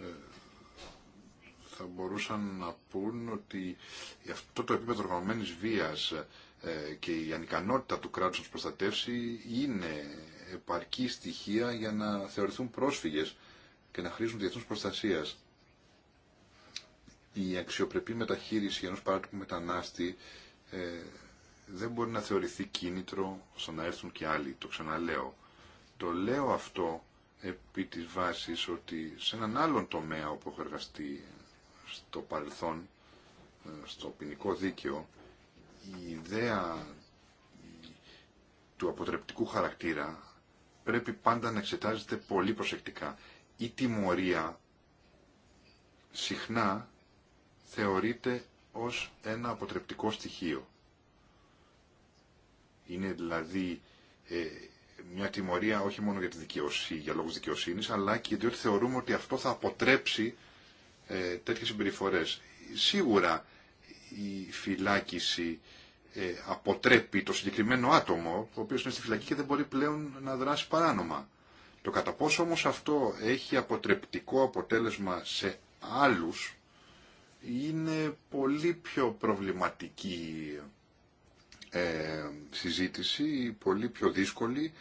S1: ε, θα μπορούσαν να πούν ότι αυτό το επίπεδο οργανωμένης βίας ε, και η ανικανότητα του κράτους να τους προστατεύσει είναι επαρκή στοιχεία για να θεωρηθούν πρόσφυγες και να χρήσουν διεθνούς προστασία η αξιοπρεπή μεταχείριση ενός παράτυπου μετανάστη ε, δεν μπορεί να θεωρηθεί κίνητρο στο να έρθουν και άλλοι. Το ξαναλέω. Το λέω αυτό επί της βάσης ότι σε έναν άλλον τομέα όπου έχω εργαστεί στο παρελθόν, ε, στο ποινικό δίκαιο, η ιδέα του αποτρεπτικού χαρακτήρα πρέπει πάντα να εξετάζεται πολύ προσεκτικά. Η τιμωρία συχνά θεωρείται ως ένα αποτρεπτικό στοιχείο. Είναι δηλαδή ε, μια τιμωρία όχι μόνο για τη δικαιοσύνη, για λόγους δικαιοσύνης, αλλά και διότι θεωρούμε ότι αυτό θα αποτρέψει ε, τέτοιες συμπεριφορές. Σίγουρα η φυλάκιση ε, αποτρέπει το συγκεκριμένο άτομο, ο οποίο είναι στη φυλακή και δεν μπορεί πλέον να δράσει παράνομα. Το κατά πόσο όμως αυτό έχει αποτρεπτικό αποτέλεσμα σε άλλους, είναι πολύ πιο προβληματική ε, συζήτηση, πολύ πιο δύσκολη.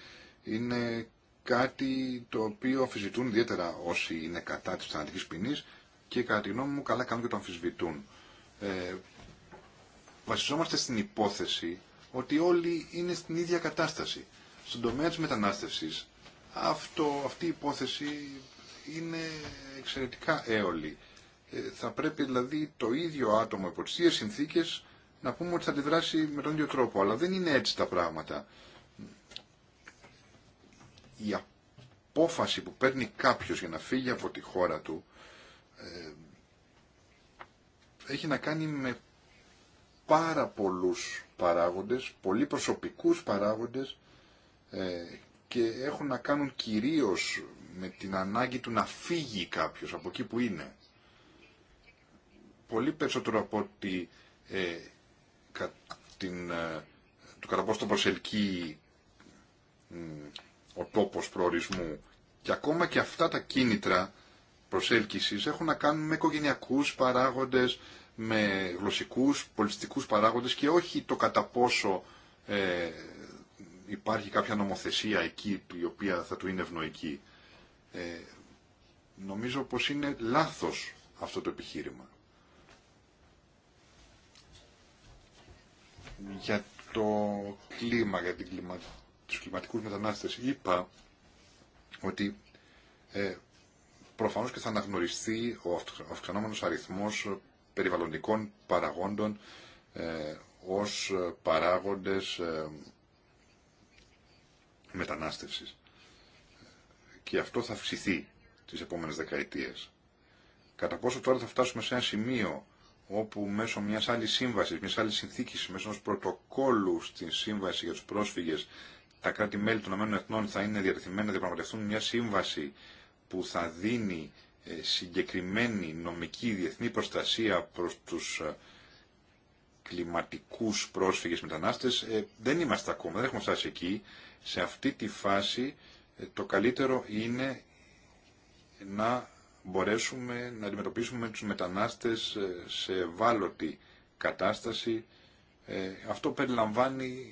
S1: Είναι κάτι το οποίο αφιζητούν ιδιαίτερα όσοι είναι κατά της θανατικής ποινής και κατά τη γνώμη μου καλά κάνουν και το αμφισβητούν. Ε, βασιζόμαστε στην υπόθεση ότι όλοι είναι στην ίδια κατάσταση. Στον τομέα της μετανάστευσης αυτό, αυτή η υπόθεση είναι εξαιρετικά έολη θα πρέπει δηλαδή το ίδιο άτομο υπό τις συνθήκες να πούμε ότι θα αντιδράσει με τον ίδιο τρόπο. Αλλά δεν είναι έτσι τα πράγματα. Η απόφαση που παίρνει κάποιος για να φύγει από τη χώρα του ε, έχει να κάνει με πάρα πολλούς παράγοντες, πολύ προσωπικούς παράγοντες ε, και έχουν να κάνουν κυρίως με την ανάγκη του να φύγει κάποιος από εκεί που είναι πολύ περισσότερο από ότι ε, κα, την, ε, το κατά πόσο προσελκύει ο τόπος προορισμού και ακόμα και αυτά τα κίνητρα προσέλκυσης έχουν να κάνουν με οικογενειακούς παράγοντες, με γλωσσικούς, πολιτιστικούς παράγοντες και όχι το κατά πόσο ε, υπάρχει κάποια νομοθεσία εκεί η οποία θα του είναι ευνοϊκή. Ε, νομίζω πως είναι λάθος αυτό το επιχείρημα. για το κλίμα, για την κλιμα... τους κλιματικούς μετανάστες. Είπα ότι ε, προφανώς και θα αναγνωριστεί ο αυξανόμενος αριθμός περιβαλλοντικών παραγόντων ε, ως παράγοντες ε, μετανάστευσης. Και αυτό θα αυξηθεί τις επόμενες δεκαετίες. Κατά πόσο τώρα θα φτάσουμε σε ένα σημείο όπου μέσω μιας άλλης σύμβασης, μιας άλλης συνθήκης, μέσω ενός πρωτοκόλου στην σύμβαση για τους πρόσφυγες, τα κράτη-μέλη των ΗΕ θα είναι διατεθειμένα να διαπραγματευτούν μια σύμβαση που θα δίνει ε, συγκεκριμένη νομική διεθνή προστασία προς τους ε, κλιματικούς πρόσφυγες μετανάστες. Ε, δεν είμαστε ακόμα, δεν έχουμε φτάσει εκεί. Σε αυτή τη φάση το καλύτερο είναι να μπορέσουμε να αντιμετωπίσουμε τους μετανάστες ε, σε ευάλωτη κατάσταση. Ε, αυτό περιλαμβάνει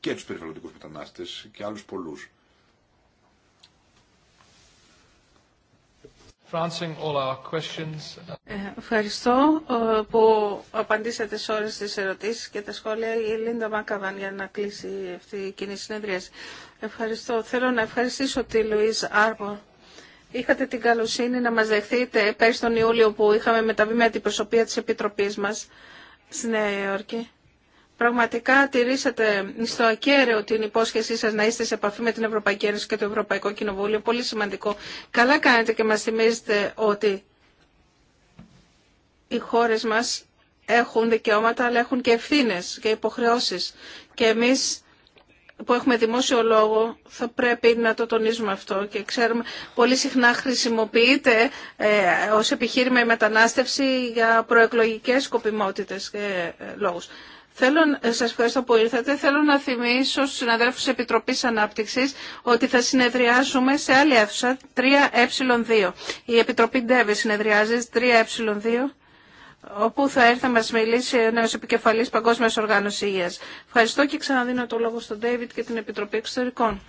S1: και τους περιβαλλοντικούς μετανάστες και άλλους πολλούς.
S4: Uh,
S3: ε, ευχαριστώ που απαντήσατε σε όλες τις ερωτήσεις και τα σχόλια. Η Λίντα Μάκαβαν για να κλείσει αυτή η κοινή συνεδρία. Ευχαριστώ. Θέλω να ευχαριστήσω τη Λουίζ Άρμπορ είχατε την καλοσύνη να μας δεχθείτε πέρυσι τον Ιούλιο που είχαμε μεταβεί με αντιπροσωπεία της Επιτροπής μας στη Νέα Υόρκη. Πραγματικά τηρήσατε στο ακέραιο την υπόσχεσή σας να είστε σε επαφή με την Ευρωπαϊκή Ένωση και το Ευρωπαϊκό Κοινοβούλιο. Πολύ σημαντικό. Καλά κάνετε και μας θυμίζετε ότι οι χώρες μας έχουν δικαιώματα αλλά έχουν και ευθύνες και υποχρεώσεις. Και εμείς που έχουμε δημόσιο λόγο θα πρέπει να το τονίζουμε αυτό και ξέρουμε πολύ συχνά χρησιμοποιείται ε, ως επιχείρημα η μετανάστευση για προεκλογικές σκοπιμότητες και ε, λόγους. Θέλω, ε, σας ευχαριστώ που ήρθατε. Θέλω να θυμίσω στους συναδέλφους Επιτροπής Ανάπτυξης ότι θα συνεδριάσουμε σε άλλη αίθουσα 3Ε2. Η επιτροπη ΔΕΒΕ Ντέβε συνεδριάζει 3Ε2 όπου θα έρθει να μας μιλήσει ένας επικεφαλής Παγκόσμιας Οργάνωσης Υγείας. Ευχαριστώ και ξαναδίνω το λόγο στον Ντέιβιτ και την Επιτροπή Εξωτερικών.